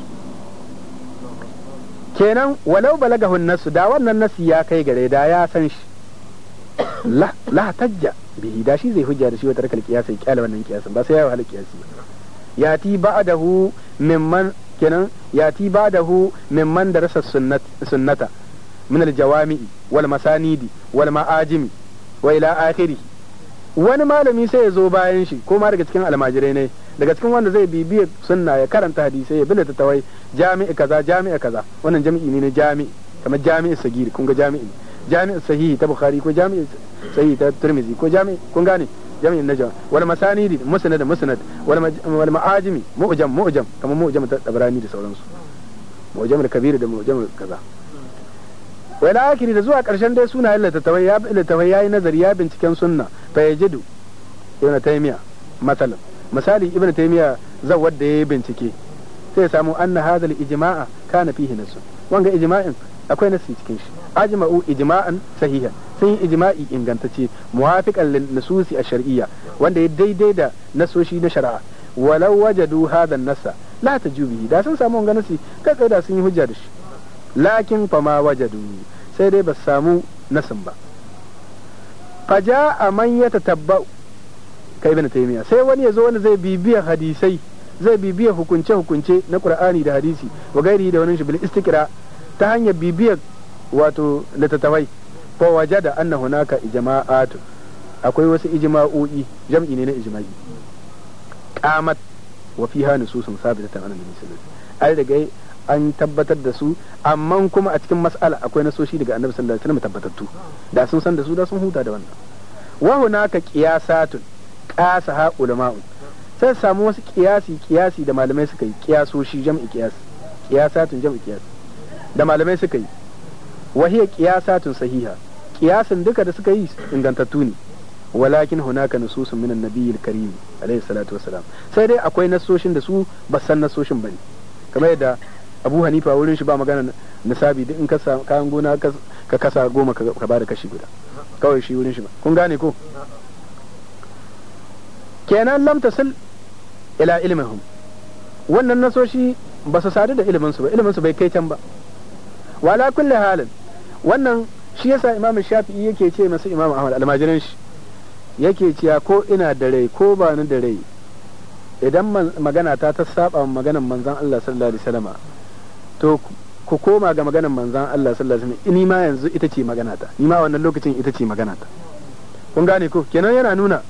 kenan walau balagahun nasu da wannan nasu ya kai gare da ya san shi la la tajja bihi da shi zai hujja da shi wata rakal kiyasa ya kyale wannan kiyasin ba sai ya wahala kiyasi yati ba'dahu mimman kenan yati ba'dahu mimman darasa sunnata min jawamii wal masanidi wal ma'ajimi wa ila akhirih wani malami sai ya zo bayan shi ko ma daga cikin almajirai ne daga cikin wanda zai bibiya sunna ya karanta hadisai ya bilata tawai jami'i kaza jami'i kaza wannan jami'i ne na jami'i kamar jami'i sagiri kun ga jami'i jami'in sahihi ta bukhari ko jami'in sahihi ta Turmizi ko jami'in kun gane jami'in najwa wal masanidi musnad musnad wal ma'ajimi mu'jam mu'jam kamar mu'jam ta tabrani da sauransu mu'jam da kabir da mu'jam kaza wai la'akiri da zuwa karshen dai sunayen littattafai ya yi nazari ya binciken sunna fa yajidu ibn taymiya matalan misali ibn taymiya zawad da ya bincike sai samu anna hadha al-ijma'a kana fihi nasu wanga ijma'in akwai nasi cikin shi ajma'u ijma'an sahihan sun yi ijma'i ingantacce muwafiqan lin nususi ash-shar'iyya wanda ya daidai da nasoshi na shari'a walau wajadu hadha nasa la tajubi da sun samu wannan nasi kai kai da sun yi hujja da shi lakin fa ma wajadu sai dai ba samu nasin ba faja a man ya tatabba ka ibn taymiya sai wani ya zo wani zai bibiya hadisai zai bibiya hukunce hukunce na qur'ani da hadisi wa gairi da wani shi bil istiqra ta hanyar bibiyar wato littattafai waje da anna hunaka ijma'atu akwai wasu ijma'o'i jam'i ne na ijma'i qamat wa fiha nususun sabitatan an annabi sallallahu alaihi wasallam an tabbatar da su amma kuma a cikin mas'ala akwai nasoshi daga annabi sallallahu alaihi wasallam tabbatattu da sun san da su da sun huta da wannan wa hunaka qiyasatun qasa ha ulama'u sai samu wasu qiyasi qiyasi da malamai suka yi qiyasoshi jam'i qiyas qiyasatun jam'i qiyas da malamai suka yi wahiya qiyasatun sahiha kiyasin duka da suka yi ingantattu ne walakin hunaka nususun minan nabiyil karim alaihi salatu salam sai dai akwai nasoshin da su ba san nasoshin bane kamar yadda abu hanifa wurin shi ba magana nisabi duk in ka kayan gona ka kasa goma ka bada kashi guda kawai shi wurin shi ba kun gane ko kenan lam tasil ila ilmihum wannan nasoshi ba su sadu da ilimin su ba ilimin su bai kai can ba wala kulli halin wannan shi yasa imamu shafi'i yake ce masa imamu ahmad almajiran shi yake cewa ko ina da rai ko ba ni da rai idan magana ta ta saba maganan manzon Allah sallallahu alaihi wasallam to ku koma ga maganan manzon Allah sallallahu alaihi wasallam ni ma yanzu ita ce magana ta ni ma wannan lokacin ita ce magana ta kun gane ko kenan yana nuna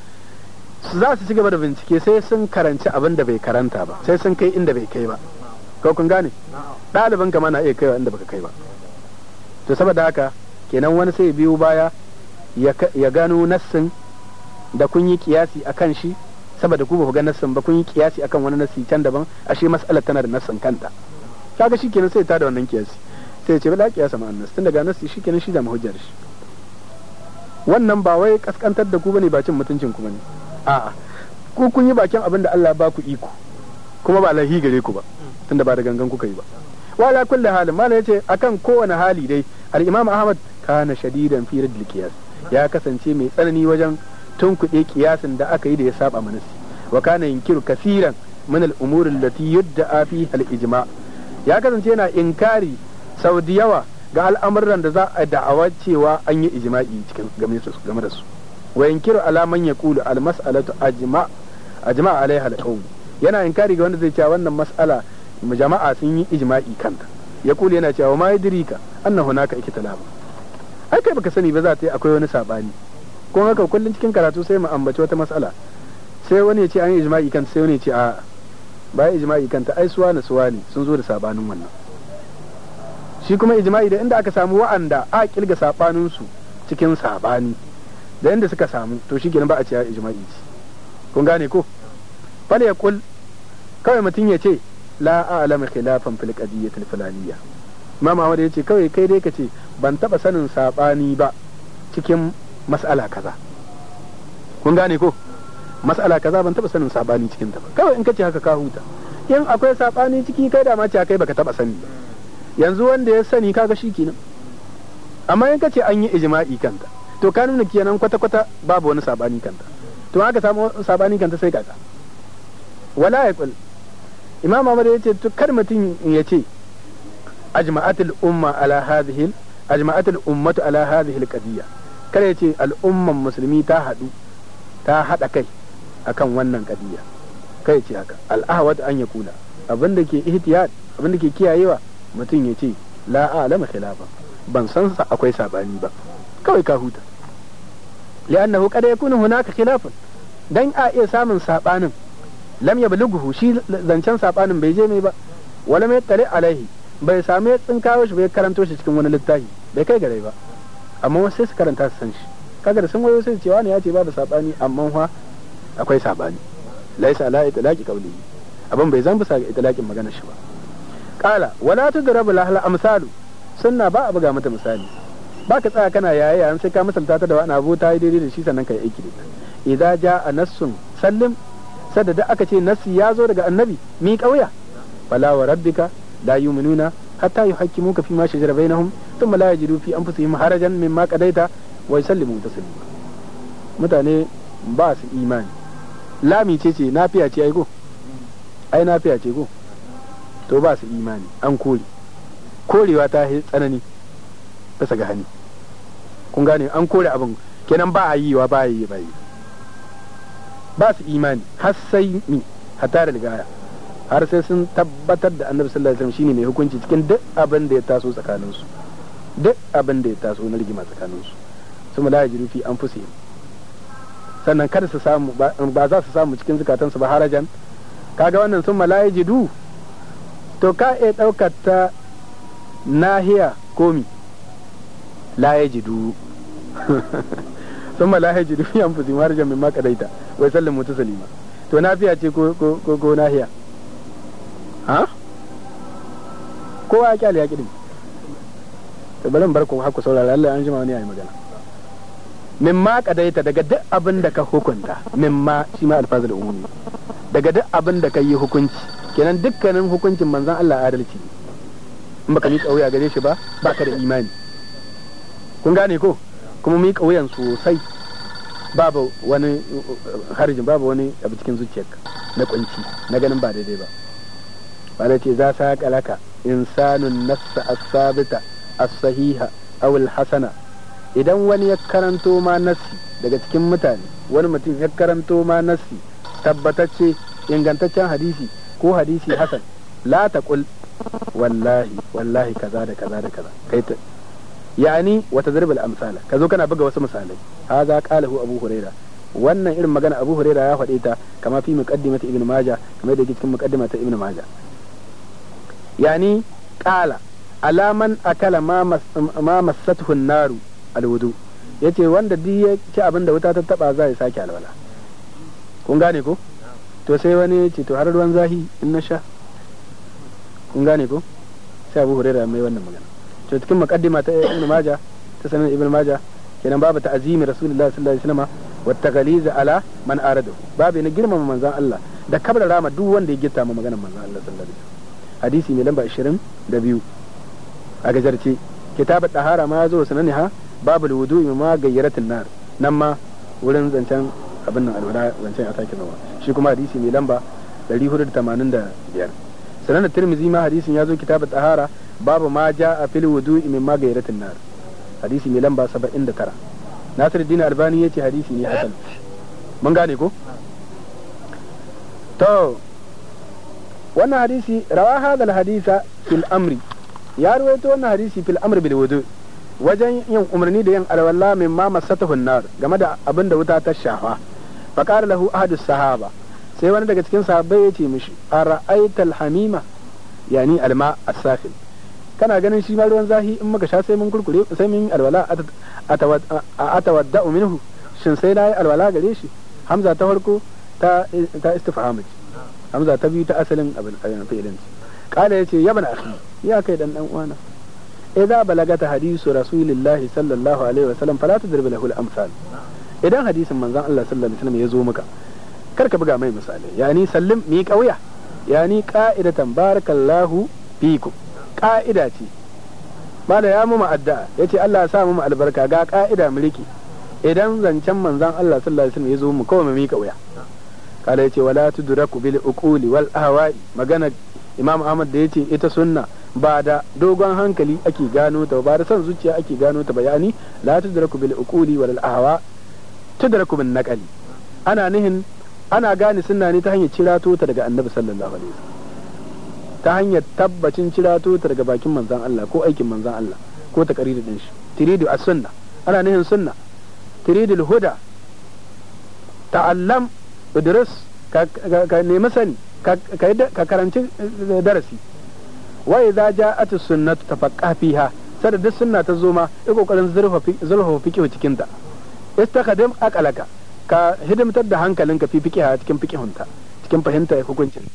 za su ci gaba da bincike sai sun karanci abin da bai karanta ba sai sun kai inda bai kai ba ko kun gane ɗaliban ka na iya wa inda baka kai ba to saboda haka kenan wani sai biyu baya ya gano nassin da kun yi kiyasi akan shi saboda ku ba ku ga nassin ba kun yi kiyasi akan wani nassi can daban ashe mas'alar tana da nassin kanta kaga shikenan sai ta da wannan kiyasi sai ce bala kiyasa ma annas tunda ga nassi shikenan shi da mahujjar shi wannan ba wai kaskantar da ku bane ba cin mutuncin ku bane a'a ku kun yi bakin abin da Allah ba ku iko kuma ba lahi gare ku ba tunda ba da gangan kuka yi ba wa ala kulli halin malam yace akan kowane hali dai al ahmad kana shadidan fi radd qiyas ya kasance mai tsanani wajen tunkuɗe kiyasin da aka yi da ya saba manasi wa kana yunkiru kasiran min al-umur allati yudda'a fi al-ijma ya kasance yana inkari sau da yawa ga al'amuran da za a da'awa cewa an yi ijma'i cikin game da su wa yunkiru ala man kulu al-mas'alatu ajma ajma alaiha al yana inkari ga wanda zai cewa wannan mas'ala jama'a sun yi ijma'i kanta ya kula yana cewa ma ka anna hunaka ikhtilaf ai kai baka sani ba za ta yi akwai wani sabani ko haka kullun cikin karatu sai mu ambaci wata mas'ala sai wani ya ce an yi ijma'i kanta sai wani ya ce a ba ijma'i kanta ai suwa na suwa ne sun zo da sabanin wannan shi kuma ijma'i da inda aka samu wa'anda a kirga sabanin su cikin sabani da inda suka samu to shi ba a ce ijma'i ce kun gane ko fal ya kul kawai mutum ya ce la a'lamu khilafan fil qadiyyati fulaniyya mama wanda yace kawai kai dai kace ban taba sanin sabani ba cikin mas'ala kaza kun gane ko mas'ala kaza ban taba sanin sabani cikin ta ba kawai in kace haka ka huta in akwai sabani ciki kai da ma ce kai baka taba sani ba yanzu wanda ya sani kaga shi kenan amma in kace an yi ijma'i kanta to ka nuna kenan kwata kwata babu wani sabani kanta to haka samu sabani kanta sai kaka wala yaqul imam amar ya ce to kar mutum ya ce ajma'atul umma ala hadhihi ajma'atul ummatu ala hadhihi alqadiyya kar ya ce al'umman musulmi ta hadu ta hada kai akan wannan qadiyya kai ce haka al'ahwat an yakuna abinda ke ihtiyad abinda ke kiyayewa mutum ya ce la a'lamu khilafa ban san sa akwai sabani ba kawai ka huta li'annahu qad yakunu hunaka khilafun dan a iya samun sabanin lam yablughu shi zancen sabanin bai je mai ba wala mai tare alaihi bai same ya tsinkawo shi bai karanto shi cikin wani littafi bai kai gare ba amma wasu sai su karanta su san shi kaga da sun wayo sai cewa ne ya ce babu sabani amma fa akwai sabani laisa ala itlaqi qawli abin bai zan bisa ga itlaqin magana shi ba qala wala tudrabu lahal amsalu sunna ba a buga mata misali ba ka tsaya kana yaya yayin sai ka misalta ta da wani abu ta yi daidai da shi sannan ka yi aiki da ita idza jaa nassun sallim sadda da aka ce nasi ya zo daga annabi mi kauya fala wa rabbika la yu'minuna hatta yuhaqqimuka fi ma shajara bainahum thumma la yajidu fi anfusihim harajan mimma qadaita wa yusallimu taslima mutane ba su imani lami ce ce nafiya ce ai go ai nafiya ce go to ba su imani an kore korewa ta yi tsanani bisa ga hani kun gane an kore abin kenan ba a wa ba a yi ba yi ba su imani har sai mi hatta da ligaya har sai sun tabbatar da annabi sallallahu alaihi wasallam shine mai hukunci cikin duk abin da ya taso tsakanin su duk abin da ya taso na rigima tsakanin su sun la yajidu fi anfusihim sannan kada su samu ba za su samu cikin su ba harajan kaga wannan sun malaiji du to ka e daukar ta nahiya komi la yajidu sun malaiji du fi anfusihim harajan mimma kadaita wai sallin mutu salima to nafiya ce ko ko ko nahiya ha kowa ya kyale ya kidin to bari bar ku haku saurara Allah an jima wani yayi magana mimma kadaita daga duk abin da ka hukunta mimma shi ma alfazul umumi daga duk abin da ka yi hukunci kenan dukkanin hukuncin manzon Allah adalci ne in baka miƙa wuya gare shi ba baka da imani kun gane ko kuma miƙa wuyan sosai babu wani harjin babu wani abu cikin zuciyarka na kunci na ganin ba daidai ba wala ce za sa kalaka insanun nassa as-sabita as-sahiha aw al-hasana idan wani ya karanto ma nassi daga cikin mutane wani mutum ya karanto ma nassi tabbatacce ingantaccen hadisi ko hadisi hasan la taqul wallahi wallahi kaza da kaza da kaza kai yani wata tadrib al amsala ka zo kana buga wasu misalai haza qalahu abu huraira wannan irin magana abu huraira ya faɗe ta kama fi muqaddimati ibnu maja kamar da yake cikin muqaddimata ibnu maja yani qala alaman akala ma massatuhu naru alwudu yace wanda duk ya ci abin da wuta ta taba zai saki sake alwala kun gane ko to sai wani ya ce to har ruwan zahi in na sha kun gane ko sai abu huraira mai wannan magana to cikin muqaddima ta Ibn maja ta sanin Ibn maja kenan babu ta'zimi Rasulullahi sallallahu alaihi wasallam wa taghliz ala man aradu babu ne girmama manzon Allah da kabrara rama duk wanda ya gitta ma maganar manzon Allah sallallahu alaihi wasallam hadisi mai lamba 22 a gajarce kitabu tahara ma yazo sananiha babu wudu'i ma gayyaratin nar nan ma wurin zancen abin nan alwala zancen ataki nawa shi kuma hadisi mai lamba 485 sanan da tirmizi ma hadisin yazo kitabu tahara babu ma a fil wudu'i min magairatin nar hadisi mai lamba saba'in da tara. 79 dina Albani ce hadisi ne hasan mun gane ko to wannan hadisi rawa hadal hadisa fil amri ya ruwaito wannan hadisi fil amri bil wudu wajen yin umarni da yin alwala min ma masatahu hunnar game da abin da wuta ta shafa fa qala lahu ahadus sahaba sai wani daga cikin ya ce mishi a al hamima ya ni alma a safil kana ganin shi ma ruwan zahi in muka sha sai mun kurkure sai mun alwala a atawadda minhu shin sai na yi alwala gare shi hamza ta farko ta ta istifham hamza ta biyu ta asalin abin fa'ilin kala yace ya bana akhi ya kai dan dan uwana idza balagata hadisu rasulillahi sallallahu alaihi wasallam fala tadrib lahu al-amsal idan hadisin manzon Allah sallallahu alaihi wasallam ya zo maka kar ka buga mai misali yani sallim mi kauya yani qa'idatan barakallahu fikum ƙa'ida ce ba da ya mu ma'adda ya ce Allah sa mu albarka ga ƙa'ida mu idan zancen manzan Allah sallallahu alaihi wasallam ya zo mu kawai mu mika wuya kala ya ce wala tudraku bil uquli wal ahwa'i magana Imam Ahmad da yace ita sunna ba da dogon hankali ake gano ta ba da son zuciya ake gano ta bayani la tudraku bil uquli wal ahwa tudraku bin naqali ana nihin ana gane sunna ne ta hanyar cirato ta daga Annabi sallallahu alaihi wasallam ta hanyar tabbacin cira tutar ga bakin manzan Allah ko aikin manzan Allah ko ta ƙari da shi tiridu a sunna ana nihin sunna tiridu huda ta'allam idris ka nemi sani ka karanci eh, darasi wa idza ja'at sunnatu tafaqqa fiha sada duk sunna ta zo ma ya kokarin zurfafa fiqh cikin ta istakhadim aqalaka ka hidimtar da hankalinka fi fiqh cikin fiqhunta cikin fahimta hukuncin